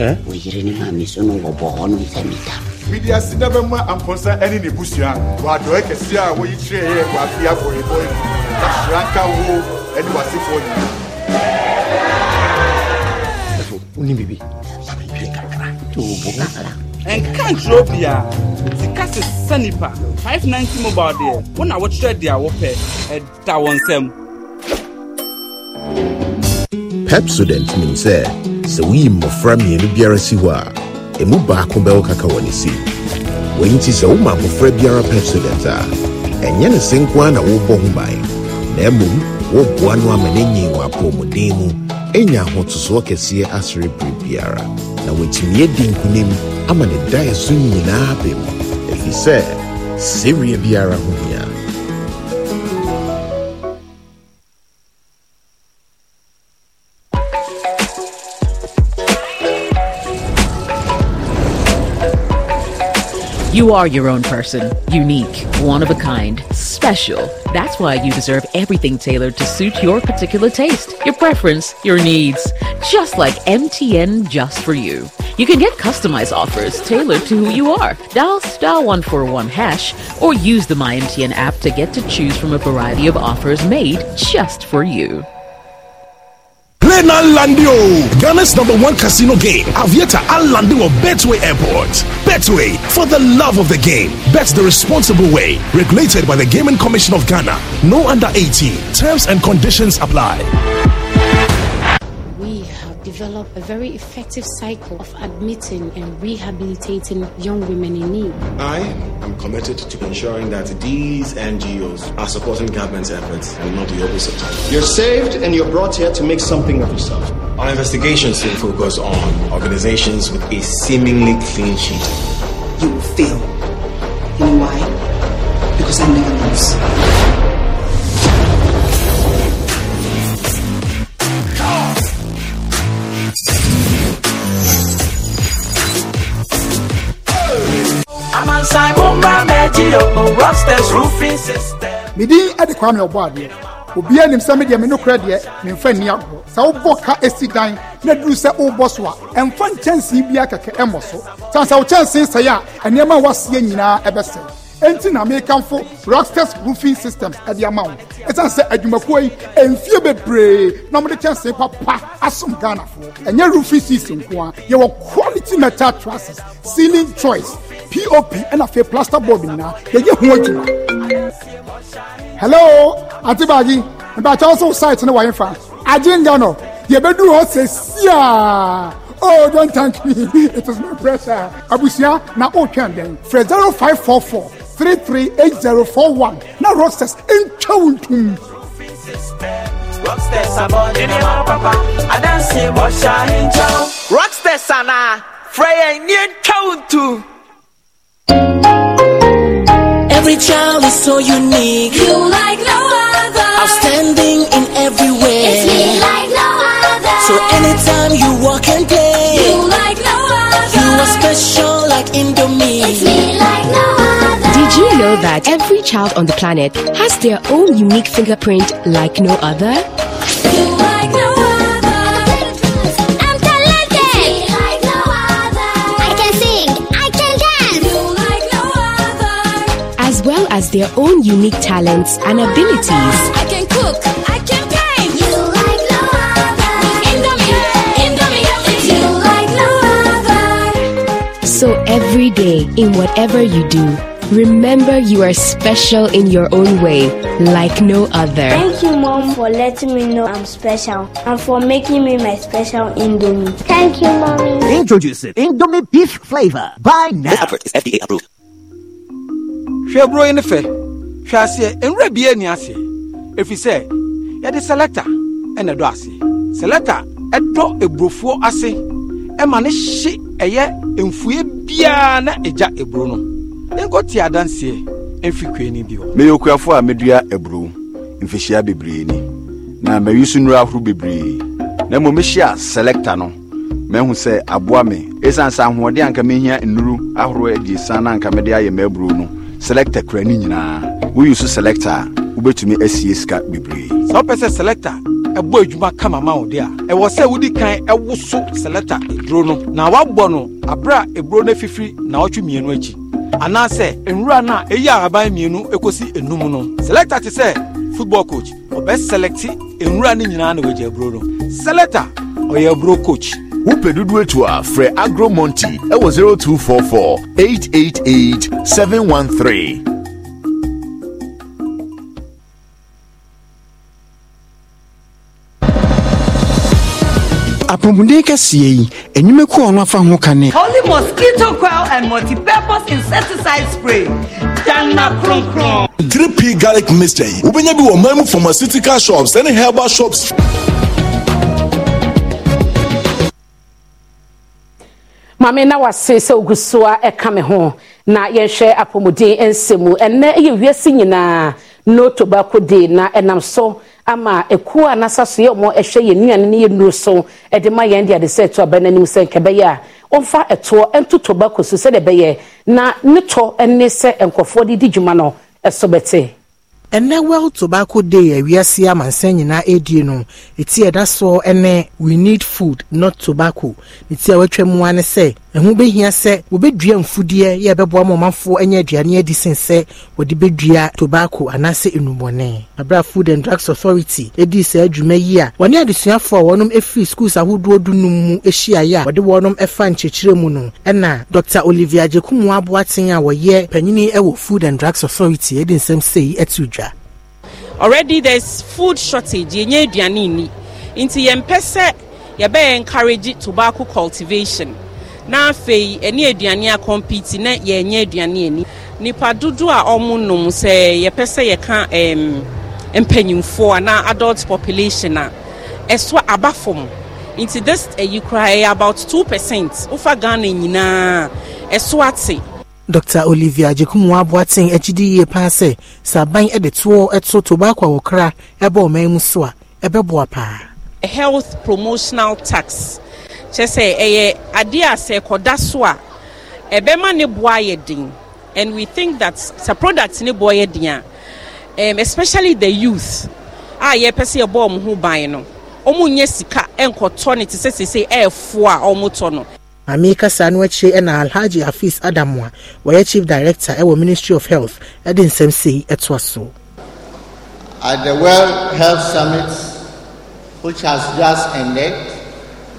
L: Eh? Oyere ni maame so no wɔ bɔ hɔ no sɛ meda
K: no mede ase na bɛma ampɔnsa ne ne busua wɔadɔe kɛseɛ a wɔyi kyerɛeɛ wɔ afe afɔrebɔ yi na hyira nka wo ne w'asefoɔ nyinaa
B: wonim biribi
E: ɛnkankyerɛ bia sika sesa nipa 590 mobile deɛ wo wokyerɛ deɛ wopɛ ɛda wɔ nsɛm
K: pepsodent nim sɛ sɛ woyi mmɔfra mmienu biara si hɔ a ɛmu baako bɛwo
N: kaka wɔ ne si wɔi nti sɛ woma mmɔfra biara pepsodent a ɛnyɛ ne se nko a na worebɔ ho ban na mmom woboa no ama no nyin wɔ apɔmuden mu ɛnya ahotosoɔ kɛseɛ asere bere biara na wɔatumi adi nkonim ama ne daeɛ so nyinaa bɛm ɛfiri sɛ sereɛ biara ho hia
M: You are your own person, unique, one of a kind, special. That's why you deserve everything tailored to suit your particular taste, your preference, your needs. Just like MTN Just For You. You can get customized offers tailored to who you are. Dial star 141 hash or use the MyMTN app to get to choose from a variety of offers made just for you. Play
I: now Landio, Ghana's number one casino game. Aviator and Landio of Betway Airport. Betway, for the love of the game. Bet the responsible way. Regulated by the Gaming Commission of Ghana. No under 18. Terms and conditions apply
L: develop a very effective cycle of admitting and rehabilitating
A: young women in need. I
I: am committed to ensuring that these NGOs are supporting government's efforts and not the opposite. You're saved and you're brought here to make something of
H: yourself. Our investigations will focus on organizations with a seemingly clean sheet. You will fail.
M: You know why? Because I never lose.
E: Simon
J: Mameji, oh, Rosters Roofing System.
C: Midi at the Kwame Obadi. obi anim sɛ medeɛ me nokorɛ deɛ memfa nni agorɔ sɛ wobɔ ka ɛsi dan na duru sɛ wobɔ so a ɛmfa nkyɛnsee bia kɛkɛ ɛmmɔ so sane sɛ wo kyɛnsee sɛe a ɛnnoɛma a woaseɛ nyinaa ɛbɛsɛe enti na mekamfo rockstars roofing systems ɛde ama wo ɛsiane sɛ adwumakuo yi ɛmfie bebree na mode kyɛnsee papa asom ghanafoɔ ɛnyɛ roofing season nko a yɛwɔ quality metal trusses sealing choice pop ɛna afei plaster board nyinaa yɛyɛ ho adwuma hello ati baagi mbàtí ɔsọ site ne wàyẹn fa agye nga no yɛbɛdu hɔ sɛ siaa oh don't thank me [LAUGHS] it is my pressure abusua na o twɛn dɛn fɛ zero five four four three three eight zero four one na rockstars ntwa wo ntum.
E: rockstars abɔde ne ma papa
A: Every child is so unique. You like no
M: other.
A: Outstanding in every way. It's me like
M: no
J: other. So anytime you walk and play, you like no other. You are special like
M: Indomie. It's me like
L: no other. Did you know that every child on the planet has their own unique fingerprint like no other? has their own unique talents and abilities. I can cook, I can paint. You like Indomie, Indomie, you like So every day, in whatever you do, remember you are special in your own way, like no other. Thank you, Mom, for letting me know I'm special and for making me my special Indomie. Thank you, Mommy. Introducing Indomie Beef Flavor.
E: By
J: now. This advert is FDA approved.
E: hwɛ aburo yi ne fɛ hwɛ aseɛ nwura bie ni aseɛ ɛfiri sɛ yɛde selekta ɛna ɛdɔ ase selekta ɛdɔ eburofoɔ ase ɛma ne hye ɛyɛ mfue biara na ɛgya eburo no nkɔ te adanseɛ ɛmfi kue ni bio.
B: meyɛ okuafo a
K: medua aburo mfihyia bebree ni na mayi so nnuro ahorow bebree na mmom mehyia selekta no mahu sɛ aboa me ɛsiane sɛ ahoɔden anka mehia nnuro ahorow abiesa na anka mede ayɛ m'aburo no selector kura ne nyinaa woyi so selector a wobɛtumi asie sika bebree sɛ
E: wopɛ sɛ selector ɛbɔ adwuma kama ma wo de a ɛwɔ sɛ wodi kan ɛwoso selector eduro no na wabɔ no abere a eburo no afifiri na ɔtwe mmienu akyi anaasɛ nwura no a ɛyi ahaban mmienu ɛkɔsi enum no selector te sɛ football coach ɔbɛselɛkte nwura no nyinaa na wagye aburo no selector
K: ɔyɛ aburo coach wopɛ dodoɔ etu a frɛ agro monti ɛwɔ zero two four four eight eight eight seven one three.
B: apɔmuden kɛseɛ yi enyimeku ɔno afa ho kane.
J: holy mosquito coil and multi-purpose insecticide spray dana kronkron.
K: three p garlic mixture yi wobɛnya bi wɔ mmanmu pharmaceutical shops ɛne herbal shops.
A: maame na wase sɛ ogu so a ɛka me ho na yɛhwɛ apɔmuden nsɛm ɛnɛ ɛyɛ wiase nyinaa no tobacco day na ɛnam so ama ekuo a n'asa so yɛ ɔmo ɛhwɛ yɛn nuane ne yɛn nuro so ɛde ma yɛn de ade sɛ ɛto abɛn n'anim sɛ nkɛbɛyɛ a ɔmfa ɛtoɔ ɛnto tobacco so sɛdeɛ ɛbɛyɛ na ne tɔ ɛne sɛ nkɔfoɔ de di dwuma no ɛso bɛte
G: ɛnɛ world tobacco day awiase amansan nyinaa ɛdie no ɛti ɛda soɔ ɛne we need food not tobacco ne ti a wɔatwa mu ane sɛ ɛho bɛhia sɛ wɔbɛdua mfudeɛ yɛ ɛbɛboa ma ɔmanfoɔ anya aduane adi sen sɛ wɔde bɛdua tobacco anaasɛ enumɔne abra food and drugs authority ɛdii saa adwuma yi a wɔne adesuafoɔ a wɔnom ɛfiri schools ahodoɔ du mu ahyiaeɛ a wɔde wɔnom ɛfa nkyerɛkyerɛ mu no ɛna dr olivia gyekomu aboaten a wɔyɛ panyini ɛwɔ food and drugs authority ɛde nsɛm sɛ yi ɛto dwa
F: already there's food shortage yɛnyɛ aduane nni nti yɛmpɛ sɛ
A: yɛbɛyɛ encourage tobacco cultivation na afei ɛne aduane akɔmpiti na yɛnyɛ aduane ani nipa dodoɔ a wɔn nom sɛ yɛpɛ sɛ yɛka ɛm mpanyinfoɔ anaa adult population a ɛso aba fam nti this ɛyi koraa ɛyɛ about two percent wofa ghana nyinaa ɛso ate
G: dr olivia jekumu aboaten agyidi yie paa sɛ sɛ aban de toɔ to tobacco a ɛbɔ ɔman mu so a ɛbɛboa paa
A: health promotional tax kyɛ sɛ ɛyɛ adeɛ a sɛ ɛkɔda so a ɛbɛma ne boa yɛ den and we think that sɛ product ne boa yɛ den a um, especially the youth a yɛpɛ sɛ yɛbɔ wɔn ho ban no wɔn nyɛ sika nkɔtɔ ne te sɛ sese ɛɛfo a wɔtɔ no.
G: maame kasa no akyire na alhaji hafiz adamu a wɔyɛ chief director ɛwɔ ministry of health ɛde nsɛm sei ɛtoa so.
N: at the world health summit which has just ended.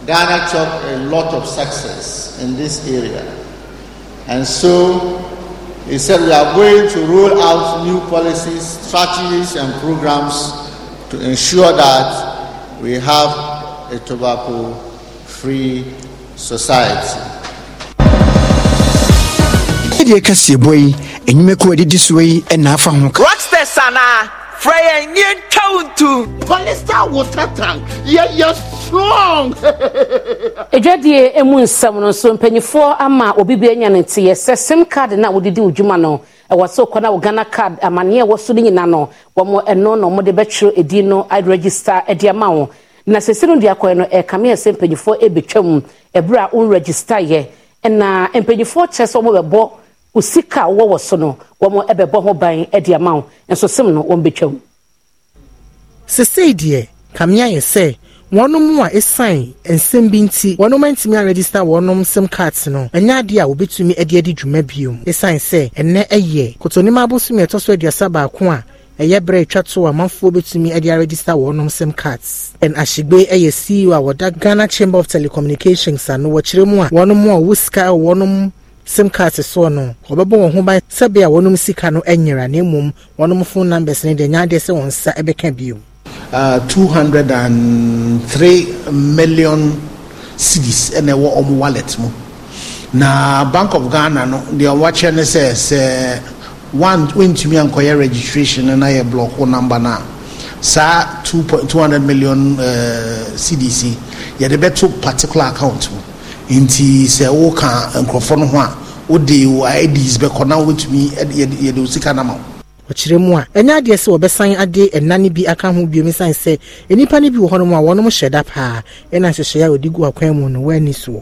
N: Ghana chalked a lot of success in this area. And so he said, We are going to roll out new policies, strategies, and programs to ensure that we have a tobacco free society.
D: ɛdeɛ kɛseɛ bɔ yi enyimeku a didi soɔ yi ɛna afa ho ka. rockstars anaa
J: frɛ yɛn nye ntwa ntu. polista water tank Yeah, yɛ strong. [LAUGHS]
A: Edwadie emu nsɛm no nso mpanyinfoɔ ama obi bi anya ne nteɛ sɛ sim card na wɔde di odwuma no ɛwɔ so kɔ na wɔ ghana card amaneɛ ɛwɔ so no nyinaa no wɔn ɛno na wɔde bɛtwerɛ edin no aregister ɛde ama wɔn na sese no deɛ akɔɛ no ɛkame ɛsɛ mpanyinfoɔ ebetwa mu ɛbura a wɔn register yɛ ɛna mpanyinfoɔ kyɛ sɛ wɔn bɛbɔ osika a wɔwɔ so no wɔn ɛbɛbɔ ho ban ɛde ama wɔn nso sim no wɔn betwa mu.
G: sese deɛ kamea yɛ sɛ wɔnom a ɛsan nsɛm bi nti wɔnom antumi anregister wɔnom sim cards no ɛnyɛ adeɛ a wɔbɛtumi de adi dwuma bio ɛsan sɛ ɛnɛ ɛyɛ kotonima abosom a ɛtɔ so aduasa baako a ɛyɛ berɛ atwa to a amanfoɔ bɛtumi de aregister wɔnom sim cards ɛn ahyegbe ɛyɛ ceo a wɔda ghana chamber of telecommunications ano wɔkyerɛ mu a wɔnom a ɔwɔ sika a wɔnom sim card soɔ no wɔbɛbɔ wɔn ho ban sɛbea wɔnom sika no nyera na mmom wɔnom phone numbers no deɛ nyɛ adeɛ sɛ wɔn nsa bɛka bio
N: 203 uh, million cedis ɛna ɛwɔ wɔn wallet mu na bank of ghana no deɛ ɔwakyɛ ne sɛ sɛ one wentumi ankɔyɛ registration no na yɛ block wo number no a saa 200 million uh, cdc yɛde bɛto particular account mu nti sɛ woka nkurɔfoɔ no ho a wode wo ids bɛkɔ na wobɛtumi yɛde wo e, e, e, sika no ma wo
G: ɔkyerɛ mu a ɛnyɛ adeɛ sɛ wɔbɛsan ade ɛna no bi aka ho biom sane sɛ nnipa no bi wɔ hɔnom a wɔnom hyɛ da paa ɛna nhyehyɛeɛ a wɔde gu akwan mu no wɔani soɔ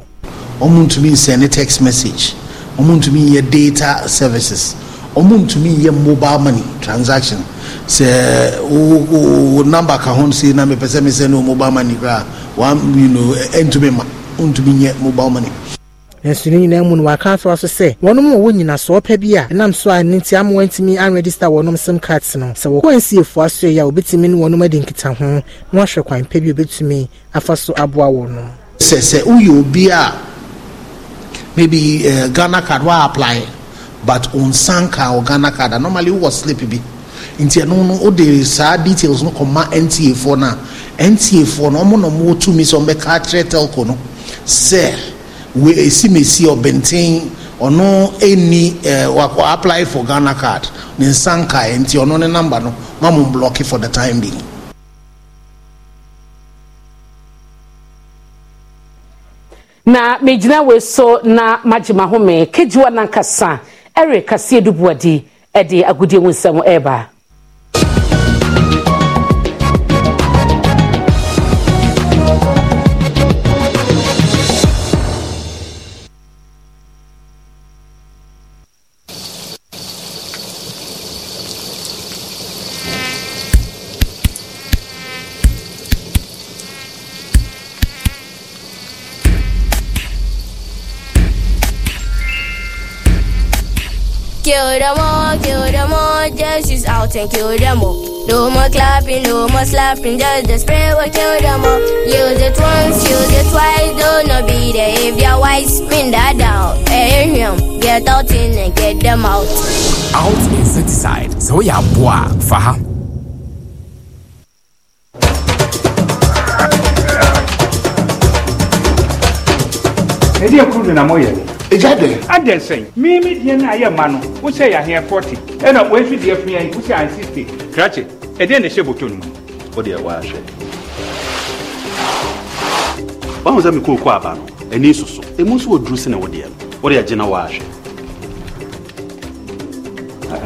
N: ɔmo ntumi nsɛne text message ɔmo ntumi nyɛ data services ɔmo ntumi nyɛ mobile money transaction sɛ wo number ka ho sei na mepɛ sɛ mesɛ ne mobile money koraa wa you know ɛntumi ma wontumi nyɛ mobile money
G: nanso ne nyinaa mu no wɔaka toa so sɛ wɔnom wɔ wɔ nyinasoɔ pɛ bi a ɛnam so a ne nti ama wɔntumi anregister wɔnom sim cards no sɛ wɔkɔ nsiefoɔ asoɛ yi a wɔbɛtumi ne wɔnom adi nkitaho na wɔahwɛ kwan pɛ bi a afa so aboa wɔnom
N: sɛ sɛ woyɛ obi a maybe uh, ghana card wa apply but onsan ka or ghana card a normally wowɔ slip bi nti ɛno no wode saa details no kɔma nta foɔ no a nta foɔ no ɔmo na ɔmo wɔ tumi sɛ ɔmbɛka akyerɛ telco no sɛ esimesi eh, mesi ɔbɛnten ɔno ɛni ɛɛ eh, wakɔ apply for ghana card ne nsa nkae nti ɔno ne namba no mu blɔki for the time being.
A: na megyina wei so na magyema home kejiwa nankasa ɛre kaseɛ dubuadi ɛde agudie mu nsɛm ɛreba
L: Kill them all, kill them all, just use out and kill them all. No more clapping, no more slapping, just the spray will kill them all. Use it once, use it twice, don't not be there if they're wise. Spin that down, air him, get out in and get them out.
B: Out insecticide, so ya bois, faham. Media
C: crew na moja. ɛgya dɛn
B: adɛn sɛn meme deɛ no a yɛ ma no wohyɛ yɛ aheɛ 40 ɛna wɔafi deɛ fia yi wohyɛ an 60 krakye
I: ɛdeɛ na ɛhyɛ botɔ no mu wodeɛ wɔahwɛ wahu sɛ mekɔɔkɔ aba no ani soso ɛmu nso wɔduru sene wodeɛ no wodeɛ gyina wɔahwɛ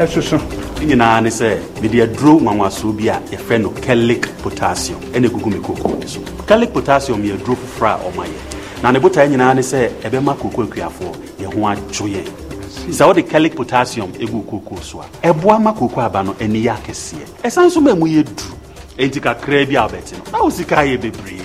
I: ɛsoso nyinaa ne sɛ mede aduro nwanwasoɔ bi a yɛfrɛ no calic potassium ɛne ɛgugu me kookoo ne so calic potassium yɛ aduro foforɔ a ɔma yɛ na ne botae nyinaa ne sɛ ɛbɛma kooko akuafoɔ yɛ ho adwo sɛ wode calic potassium ɛgu kooko so a ɛboa ma kooko aba no ani yɛ akɛseɛ ɛsan nso ma mu yɛ duru enti kakraa bi a wobɛte no na wo sika yɛ bebree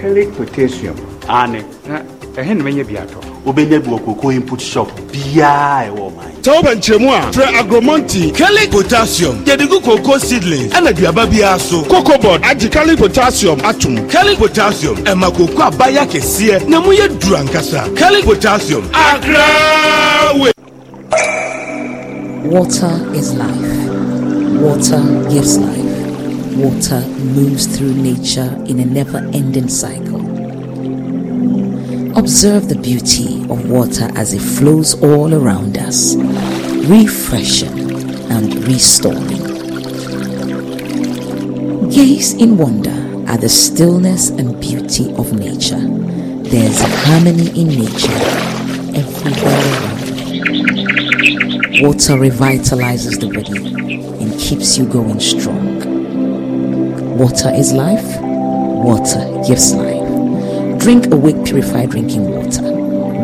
I: calic hmm. potassium ane na ɛhe ne mɛnya bi wobɛnya bi wɔ input shop biaa ɛwɔ ɔman sɛ wobɛ nkyerɛmu a frɛ agromonti calic potassium
E: yɛde gu koko seedlings ɛna aduaba biara so cocobod agye calic potassium atom calic potassium ɛma koko abayɛ akɛseɛ na mu yɛ duru ankasa calic potassium akrawe
M: Water is life. Water gives life. Water moves through nature in a never ending cycle Observe the beauty of water as it flows all around us, refreshing and restoring. Gaze in wonder at the stillness and beauty of nature. There's harmony in nature everywhere around. Water revitalizes the body and keeps you going strong. Water is life. Water gives life. Drink Awake Purified Drinking Water,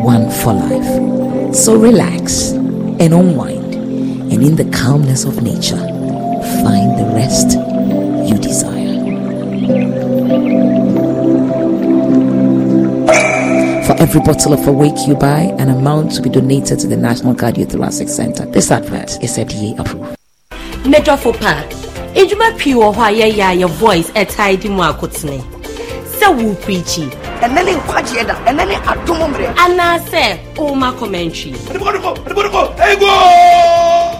M: one for life. So relax and unwind, and in the calmness of nature, find the rest you desire. For every bottle of Awake you buy, an amount to be donated to the National Cardiothoracic Center. This advert is FDA approved.
F: Major
A: for Park. edwuma pii wɔ hɔ a voice ɛtae di mu akotene
F: sɛ wo preakyi ɛnɛ ne nkwagyeɛ da ɛnɛ ne adomo mmerɛ anaasɛ woma commentary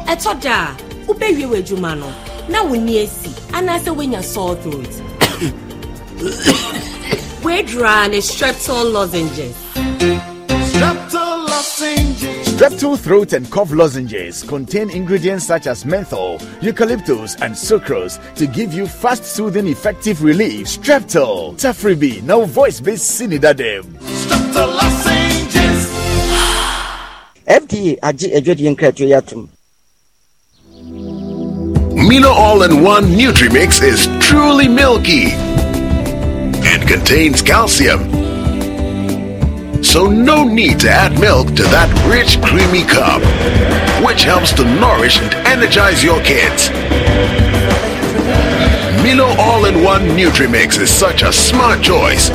F: ɛtɔ da a wobɛwie w'adwuma no
A: na wo nni asi anaasɛ woanya sore throat
M: [COUGHS] woadura ne streptol lozenges
K: Strep throat and cough lozenges contain ingredients such as menthol, eucalyptus, and sucrose to give you fast, soothing, effective relief. Streptol, Tafribi, now voice-based Sinidadem. Streptol lozenges.
D: FDA, Aji Ejodi Yatum.
K: Milo All-in-One Nutrimix is truly milky and contains calcium so no need to add milk to that rich, creamy cup, which helps to nourish and energize your kids. Milo All-in-One Nutrimix is such a smart choice.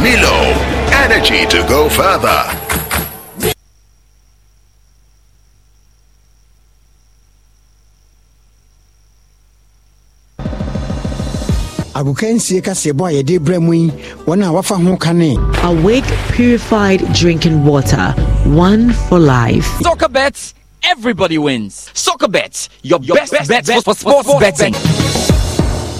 K: Milo, energy to go further.
D: a yɛde brɛ mu yi wɔn a ho
J: awake purified drinking water one for life
O: soccer bets everybody wins soccer bets your, your best, best bet for, for sports, sports betting, betting.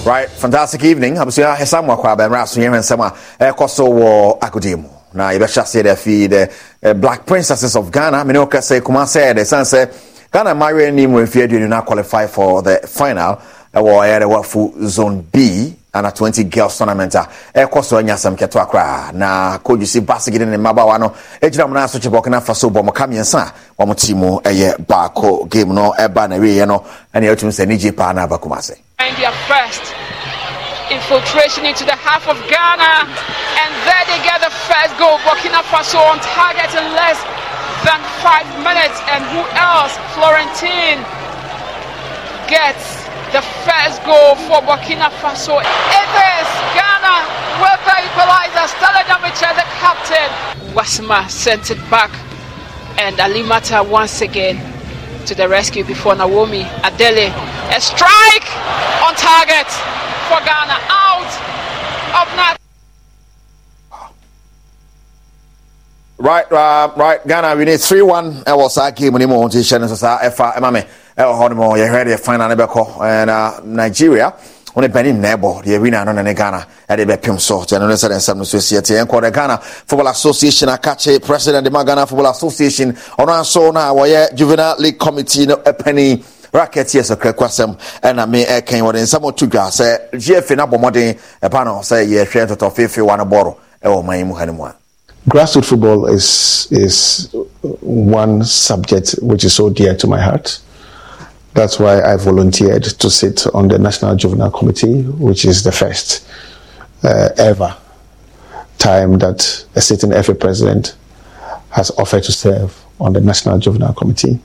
O: Right, fantastic evening. I'm wakwa Hassan asonyɛ nsɛm a ɛkɔ eh, so wɔ akodie Na yɛbɛhyɛ aseɛ the afei eh, dɛ Black Princesses of Ghana Minoka se kumase. kuma sɛ Ghana mmayewa anim wɔ you do not qualify for the final ɛwɔ wa dɛ wafu zone B ana 20 girls tournament ah. eh, a ɛkɔ so anya asɛm kɛtoa koraa ah. na kɔdwu si basege ne ne mmabawa no ɛgyina eh, mu no eh, aso kyebɔke no afa so bɔ mo ka mmiɛnsa a wɔmo te mu ɛyɛ baako game no ɛba na wieɛ no ɛne yɛtumi sɛ anigye paa no abakuma ase
A: Infiltration into the half of Ghana, and there they get the first goal. Burkina Faso on target in less than five minutes, and who else? Florentine gets the first goal for Burkina Faso. It is Ghana with the equalizer. Stella Damicha, the captain. Wasma sent it back. And Alimata once again to the rescue before Naomi Adele. A strike on target for Ghana. Out of Nat.
O: right uh, right ghana we need 3-1 ɛwɔ saa game no mu ɔnti hyɛ no nso saa ɛfa ɛma I ɛwɔ hɔ no mu yɛhwɛ deɛ final no bɛkɔ ɛna nigeria wone benin na ɛbɔ deɛ wina no ne ne ghana ɛde bɛpem so kyɛno no sɛde nsɛm no so asiɛ te yɛnkɔ the ghana football association akakye president ma ghana football association ɔno aso no a wɔyɛ juvenile league committee no ɛpani racket yɛ sɛkrɛ kwasɛm ɛna me ɛkɛn wɔde nsɛm to dwa sɛ gfa no abɔ mmɔden ɛba no sɛ yɛhwɛ ntɔtɔfeefee wa no bɔɔro to man yi mu ha no mu a
N: grassroots football is is one subject which is so dear to my heart. That's why I volunteered to sit on the National Juvenile Committee, which is the first uh, ever time that a sitting FA president has offered to serve on the National Juvenile Committee.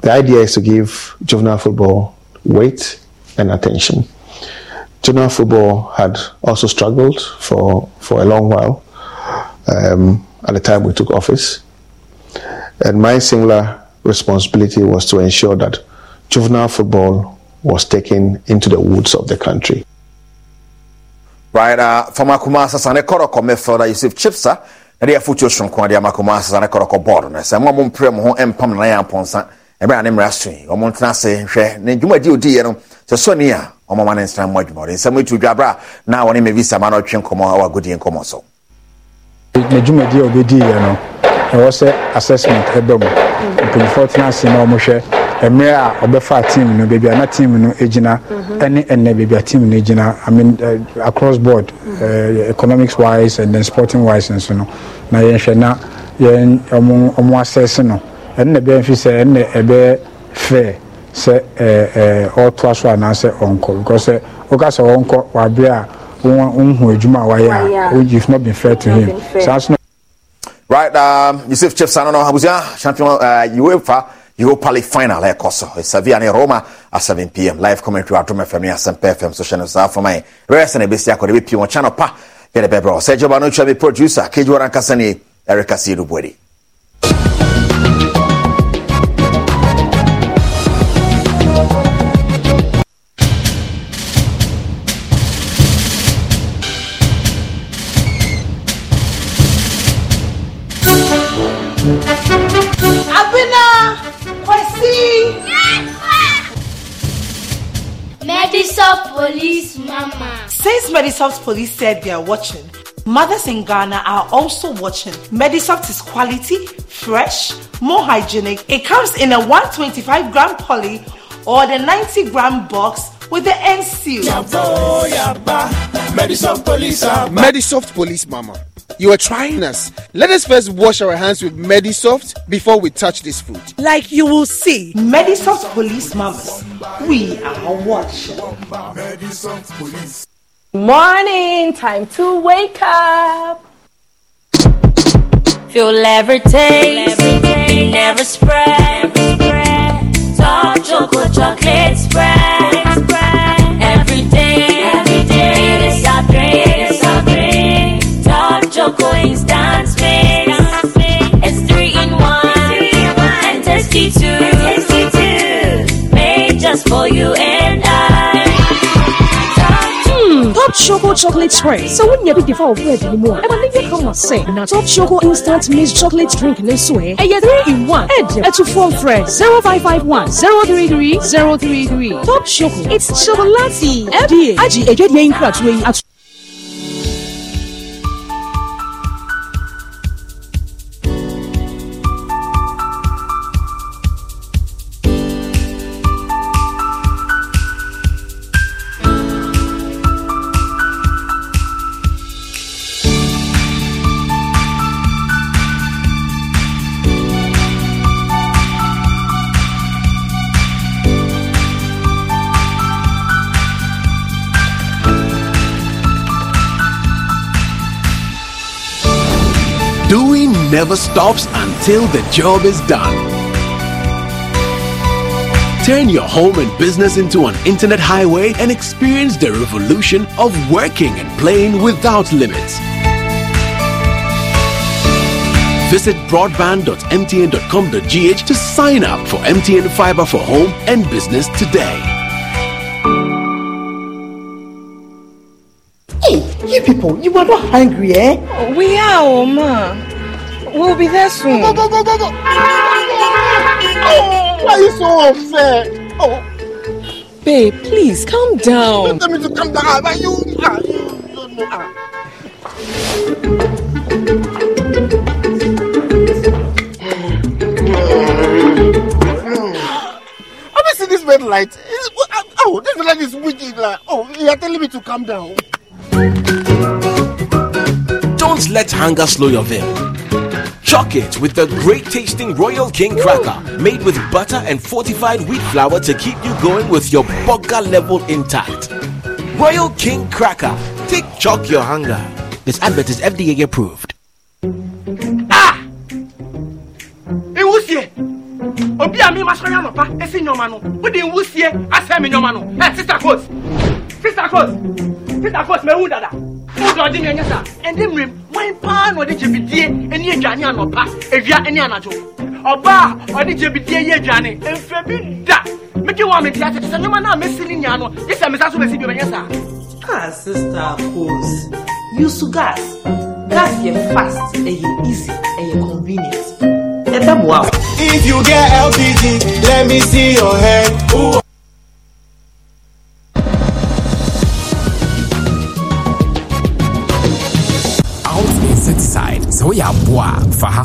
N: The idea is to give juvenile football weight and attention. Juvenile football had also struggled for, for a long while um, at the time we took office. And my singular responsibility was to ensure that juvenile football was taken into the woods of the country.
O: Right, uh, From Kumasa Sane Koroko midfielder Yusuf Chipsa, and the from Shunko, the Amakuma Sane Koroko board, and some mom prem and pam na ponsa, and Brian Rastin, or Montanase, Nejuma Dio no so Sonia, or Maman and Stan Mudmore, and some way to Jabra, now on him a visa man or Chinkoma, our goody and Comoso.
B: na dwumadi a wɔbɛdiiɛ no ɛwɔ sɛ assessment ɛbɛ mu mpanyinfoɔ tena ase na wɔhwɛ mmerɛ a ɔbɛfa team no baabi a na team no gyina mhm. ne ɛnɛ baabi a team no gyina i mean uh, across board uh, economics wise and then sporting wise nso no na yɛnhwɛ na yɛn ɔmo ɔmo asɛse no ɛne na ɛbɛyɛ fi sɛ ɛne na ɛbɛyɛ fair sɛ ɛɛ eh, ɛɛ ɔtoa so anaasɛ ɔnkɔ because sɛ ɔka sɛ ɔnkɔ wɔ abere a. you've not been fair to him.
O: right, um, Yusuf Chief Sanono Habuzia, champion uh, UEFA Europa League final ɛkɔ eh, so Sevilla ne Roma at 7 pm live commentary adom fm ne asɛmpa fm so hyɛ no saa fama yɛ rɛrɛ sɛ na ɛbɛsi akɔ de bɛpie wɔ pa yɛde bɛbrɛ ɔ sɛ gyoba no twa me producer kagyiwɔ no ankasa ne
J: Since Medisoft police said they are watching, mothers in Ghana are also watching. Medisoft is quality, fresh, more hygienic. It comes in a 125 gram poly or the 90 gram box with the end seal.
N: Medisoft police, Medisoft police, mama. You are trying us. Let us first wash our hands with Medisoft before we touch this food. Like you
C: will
J: see. Medisoft police mamas. We are watching.
K: Medisoft
M: police.
L: Morning, time to wake up. Feel levitate,
M: never spread. Dark chocolate, chocolate spread. Every day, every day, it's our dream, it's our dream. Dark chocolate dance space. It's three in one, and tasty too. Made just for you and I. Top Choco Chocolate Spray. So when you be before bread anymore, I'ma ever think come and say, now Top Choco Instant mixed Chocolate Drink in Sway, and you three in one. Head at two four Fred 0551 Top Choco. It's chocolatey. FDA.
A: Aji, a good name crutch way at
I: never stops until the job is done. Turn your home and business into an internet highway and experience the revolution of working and playing without limits. Visit broadband.mtn.com.gh to sign up for MTN Fiber for Home and Business today.
J: Hey, you people, you are not hungry, eh? Oh, we are,
F: Oma. We'll be there soon. Go, go,
J: go, go, go. Oh,
F: why are you so upset? Oh. Babe, please calm down. Don't tell me
C: to calm down. But you, you ah. hmm. Have you seen this red light? Oh, oh, this red light is wicked. Like, oh, you are telling me to calm down.
H: Don't let hunger slow your veil. Shock it with the great tasting Royal King cracker made with butter and fortified wheat flour to keep you going with your burger level intact. Royal King cracker. Take chalk your hunger. This advert is FDA approved. Ah!
E: It was here. Obi ami mi ma sọ ya nọ pa, esi nyọma nọ, o de nwusie asẹ mi nyọma nọ, ẹ sista kos, sista mẹ wu dada. food ọdín ní ẹnyẹsà ẹni mìíràn wọn paa na ọdí jẹbidie ẹni ẹdwane anọpa ẹdua ẹni anato ọbaa ọdí jẹbidie yẹ ẹdwane ẹnfẹ bi da mẹjẹ wọn mi ti ase sẹ ẹnyẹma náà mẹsi ni nyà no yẹ sẹ mẹsa so mẹsi bi
J: ah sista coles use gas gas yẹ fast ẹ yẹ easy ẹ yẹ convenient ẹ dá mu if you get lpg let me see your head. Ooh.
B: mfa ha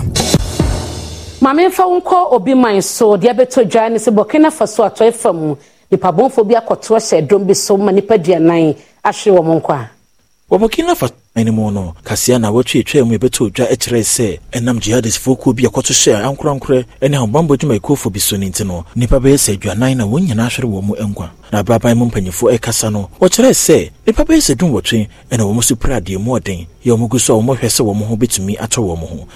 A: maame mfa nkɔ obi man so deɛ bɛtɔ dwa ne sɛ burkina faso atɔe fam nipabɔmfoɔ bi akɔtoɔ hyɛ dɔm bi so ma nnipa duanan ahwe wɔn nkɔ a
H: wɔ burkina faso ne mu no kaseɛ na wɔtwetwaa mu yɛbɛtɔ odwa kyerɛe sɛ ɛnam jihadisfoɔ kuo bi ɛkɔto hyɛɛ ankorankorɛ ne ahobammɔ dwumakuofoɔ bi so no nti no nnipa bɛyɛ sɛ aduanan na wɔn nyinaa hwere wɔn mu nkwa na abraban mu mpanyimfoɔ ɛrekasa no wɔkyerɛɛ sɛ nnipa bɛyɛ sɛ dunwɔtwe na wɔn so pira adeɛ mu ɔden yɛ wɔn gu so a wɔmɔhwɛ sɛ wɔn ho bɛtumi atɔ wɔn ho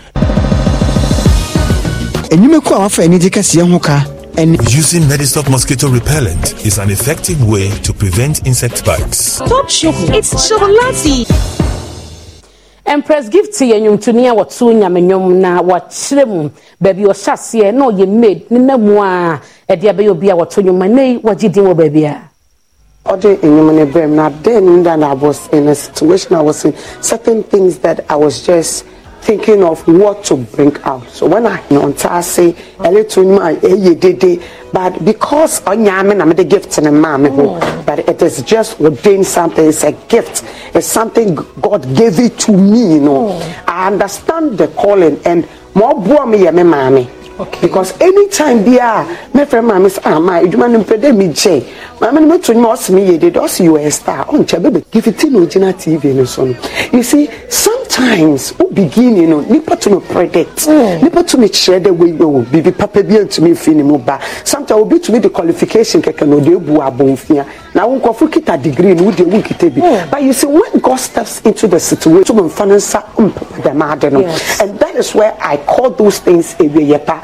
D: enyimako a wafa ani kɛseɛ ho ka
I: and using Medistop mosquito repellent is an effective way to prevent insect bites.
M: Stop sugar, it's chocolatey.
A: Empress gift to nnwomtoni a wɔto nyame nnwom na wɔkyerɛ mu baabi ɔhyɛ aseɛ na ɔyɛ made ne na mu a ɛde abɛyɛ obi a wɔto nnwom a nei wɔgye din wɔ baabi a
D: ɔde nnwom no brɛ m na adeɛ in a situation i was in certain things that i was just thinking of what to bring out so when i nọnta ase ɛleto nim a ɛyɛ e dede but because ɔnyaame na mede gift in a me but it is just ordained something it's a gift it's something god gave it to me you know i understand the calling and more. ɔboa me yɛ me okay. because anytime bi a friend, maame sɛ ama adwuma no mpɛ dɛ megyɛ maame no mɛto nwuma ɔse meyɛ de de ɔse you a star ɔnkyɛ bɛbɛ gifiti na ogyina tv no so no you see sometimes wo beginning no nipa to no predict hmm. nipa to no kyerɛ dɛ wei o biribi papa bi antumi mfi ne mu ba sometimes obi me de qualification kɛkɛ na ɔde ebu abɔnfia na wo nkɔfo kita degree no wode ewu nkita bi hmm. but you see when God steps into the situation tum nfa ne nsa mpapa dɛm ade no and that is where I call those things ewieyɛ pa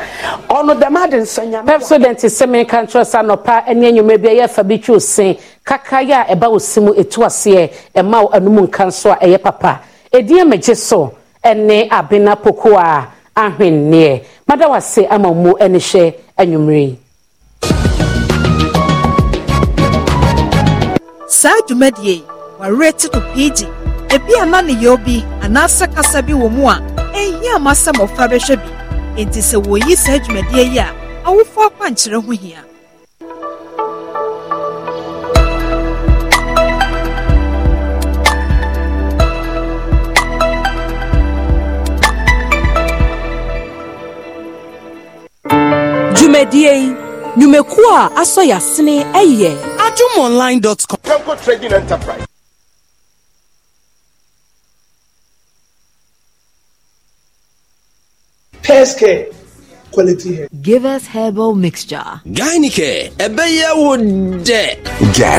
A: ɔno dɛm ade nsa nyame pep student sɛ meka nkyerɛ sɛ anɔpa ne bi ɛyɛ fa bi twe sen kakrayɛ a ɛba wo se mu ɛtu aseɛ ɛma wo anomu nka nso a ɛyɛ papa ɛdin amagye so ne abena poko a ahwenneɛ mada wase ama mu ne hyɛ anwummerɛ yi
M: saa dwumadie wawerɛ te no pii gye ebi a ne yɛ obi anaasɛ kasa bi wɔ mu a ɛnyɛ ama sɛ mmɔfra bɛhwɛ bi nti sɛ wɔyi saa dwumadie yi a awofo akwankyerɛ
L: ho hia
A: dwumadie yi
E: nnwumakuo a asɔ yasene ɛyɛ adumonline.com. Telco Trading Enterprise.
L: Give us herbal mixture. Get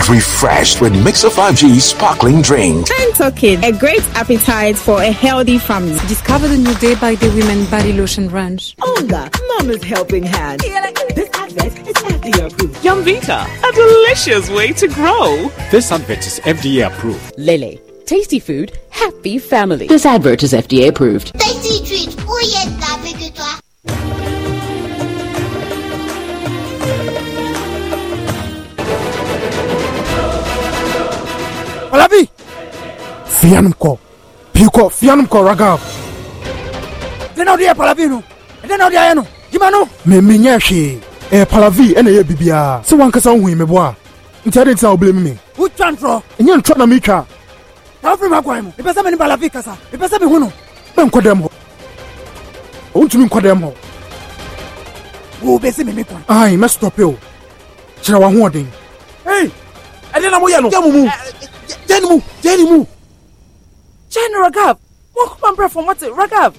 I: refreshed with Mixer 5G sparkling drink.
L: Time talking, a great appetite for a healthy family. Discover
M: the new day by day women body lotion range. Olga, Mama's helping hand. This advert is FDA approved. a delicious way to grow. This advert is FDA approved. Lele, tasty food, happy family. This advert is FDA approved.
L: Tasty treat, oh yeah.
C: fianom kɔ pii kɔ kɔ ragab dɛn na wode yɛ palavi no e ɛdɛn na wode ayɛ no gyima no memenyɛ hwee ɛyɛ palavi ɛna ɛyɛ biribiaa sɛ woankasa wohui me boa nti ade nti e na wobɛlɛ mi e me wotwa ntorɔ ɛnyɛ ntwa na metwa na wofiri m akwan mu mepɛ sɛ mene palavi kasa mepɛ sɛ mehu no mɛnkɔ dɛm hɔ ɔwontumi nkɔ dɛm hɔ wobɛsi meme kwan ai mɛstɔpe
E: o kyerɛ wahoɔden ei ɛdɛn na moyɛ no gya mu mu gyane eh, eh, mu gyane mu kyɛn ragav wɔnkɔma mbrɛ fam wɔte ragav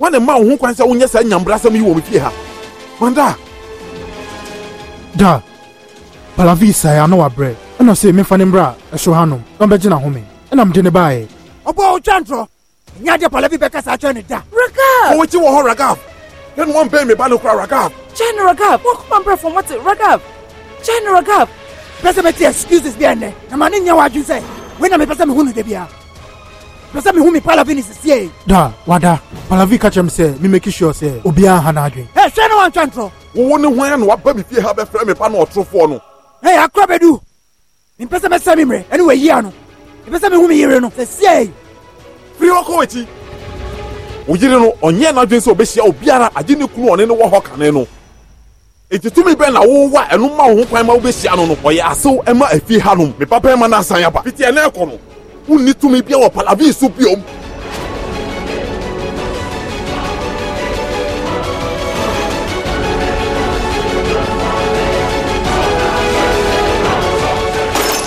I: wane ma wo ho kwan sɛ wonyɛ saa nyambrasɛm yi wɔ me fie ha
C: manda da palavi sae ano wabrɛ ɛna ɔse mefa ne mmerɛ a ɛso hanom na ɔbɛgye na home ɛna mede ne baeɛ ɔbɔ wotwa ntorɔ ɛnyɛ adeɛ palavi bɛka saa kyerɛ ne da ragav wɔwɔkyi wɔ hɔ ragav yɛne wɔmbɛn me ba no kora ragav kyɛn ragav wɔnkɔma mbrɛ fam wɔte ragav kyɛn ragav pɛ sɛ mɛte excuses bi ɛnnɛ na ma ne nyɛ wɔ adwen sɛ wei na mepɛ sɛ mehu no da biara pɛsɛ mehu me palavi ne sesie da wada palavi ka kyɛm sɛ memeki sure sɛ obiaa ha no adwen ɛhwɛ no wantwa ntorɔ wowo ne hwan na waba me fie ha bɛfrɛ me pa na ɔtorofoɔ no ɛ akora bɛdu mempɛ sɛ mɛsɛ me mmerɛ ɛne wayia no
K: mepɛ sɛ mi me yere no sesie firi hɔ kɔ akyi wo yere no ɔnyɛ n'adwen sɛ obɛhyia obiara agye ne kunu ɔne no wɔ hɔ kane no eti tumi bɛn na wowowa ɛno ma wo ho kwan ma wobɛhyia no no ɔyɛ asew ɛma afie ha nom me papa ɛma no asan aba
C: wonni tumi bia wɔ palavii so biom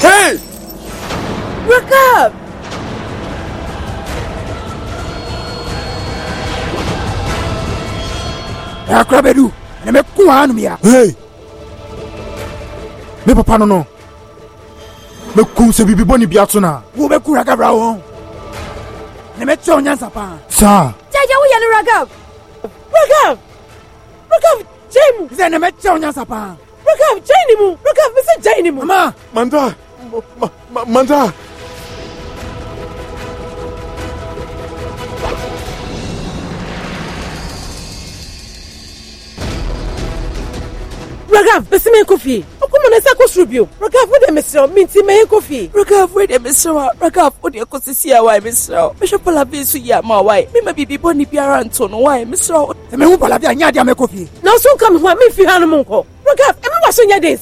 K: Hey!
E: Wake up!
C: ɛkora bɛdu ɛnɛ mɛko ha nom ya hey! me papa no no mɛkum sɛ biribi bɔne bi ato no a wobɛku ragab ra wɔn na mɛtua wo nyansa paa saa gyagya
E: woyɛ no ragab ragab ragab gyɛe mu sɛ na mɛtua wo nyansa paa ragab gyɛe ne mu ragab mesɛ gyɛe ne mu ma
K: manta manta
F: ragaf bɛsi mɛ nkɔ fie ɔkɔmɔ ne sɛ kɔ soro bio ragaf wo deɛ mesrɛ me nti mɛyɛ nkɔ fie ragaf wo deɛ mesrɛ a ragaf wo deɛ kɔsisi a wae mesrɛ mehwɛ palabi so yi ama wae mema biribi bɔne biara nto no wae mesrɛ ɛmehu palabi a nyɛ adeɛ mɛkɔ fie nanso nka me ho a memfi ha no mu nkɔ ragaf ɛmɛ wa so nyɛ den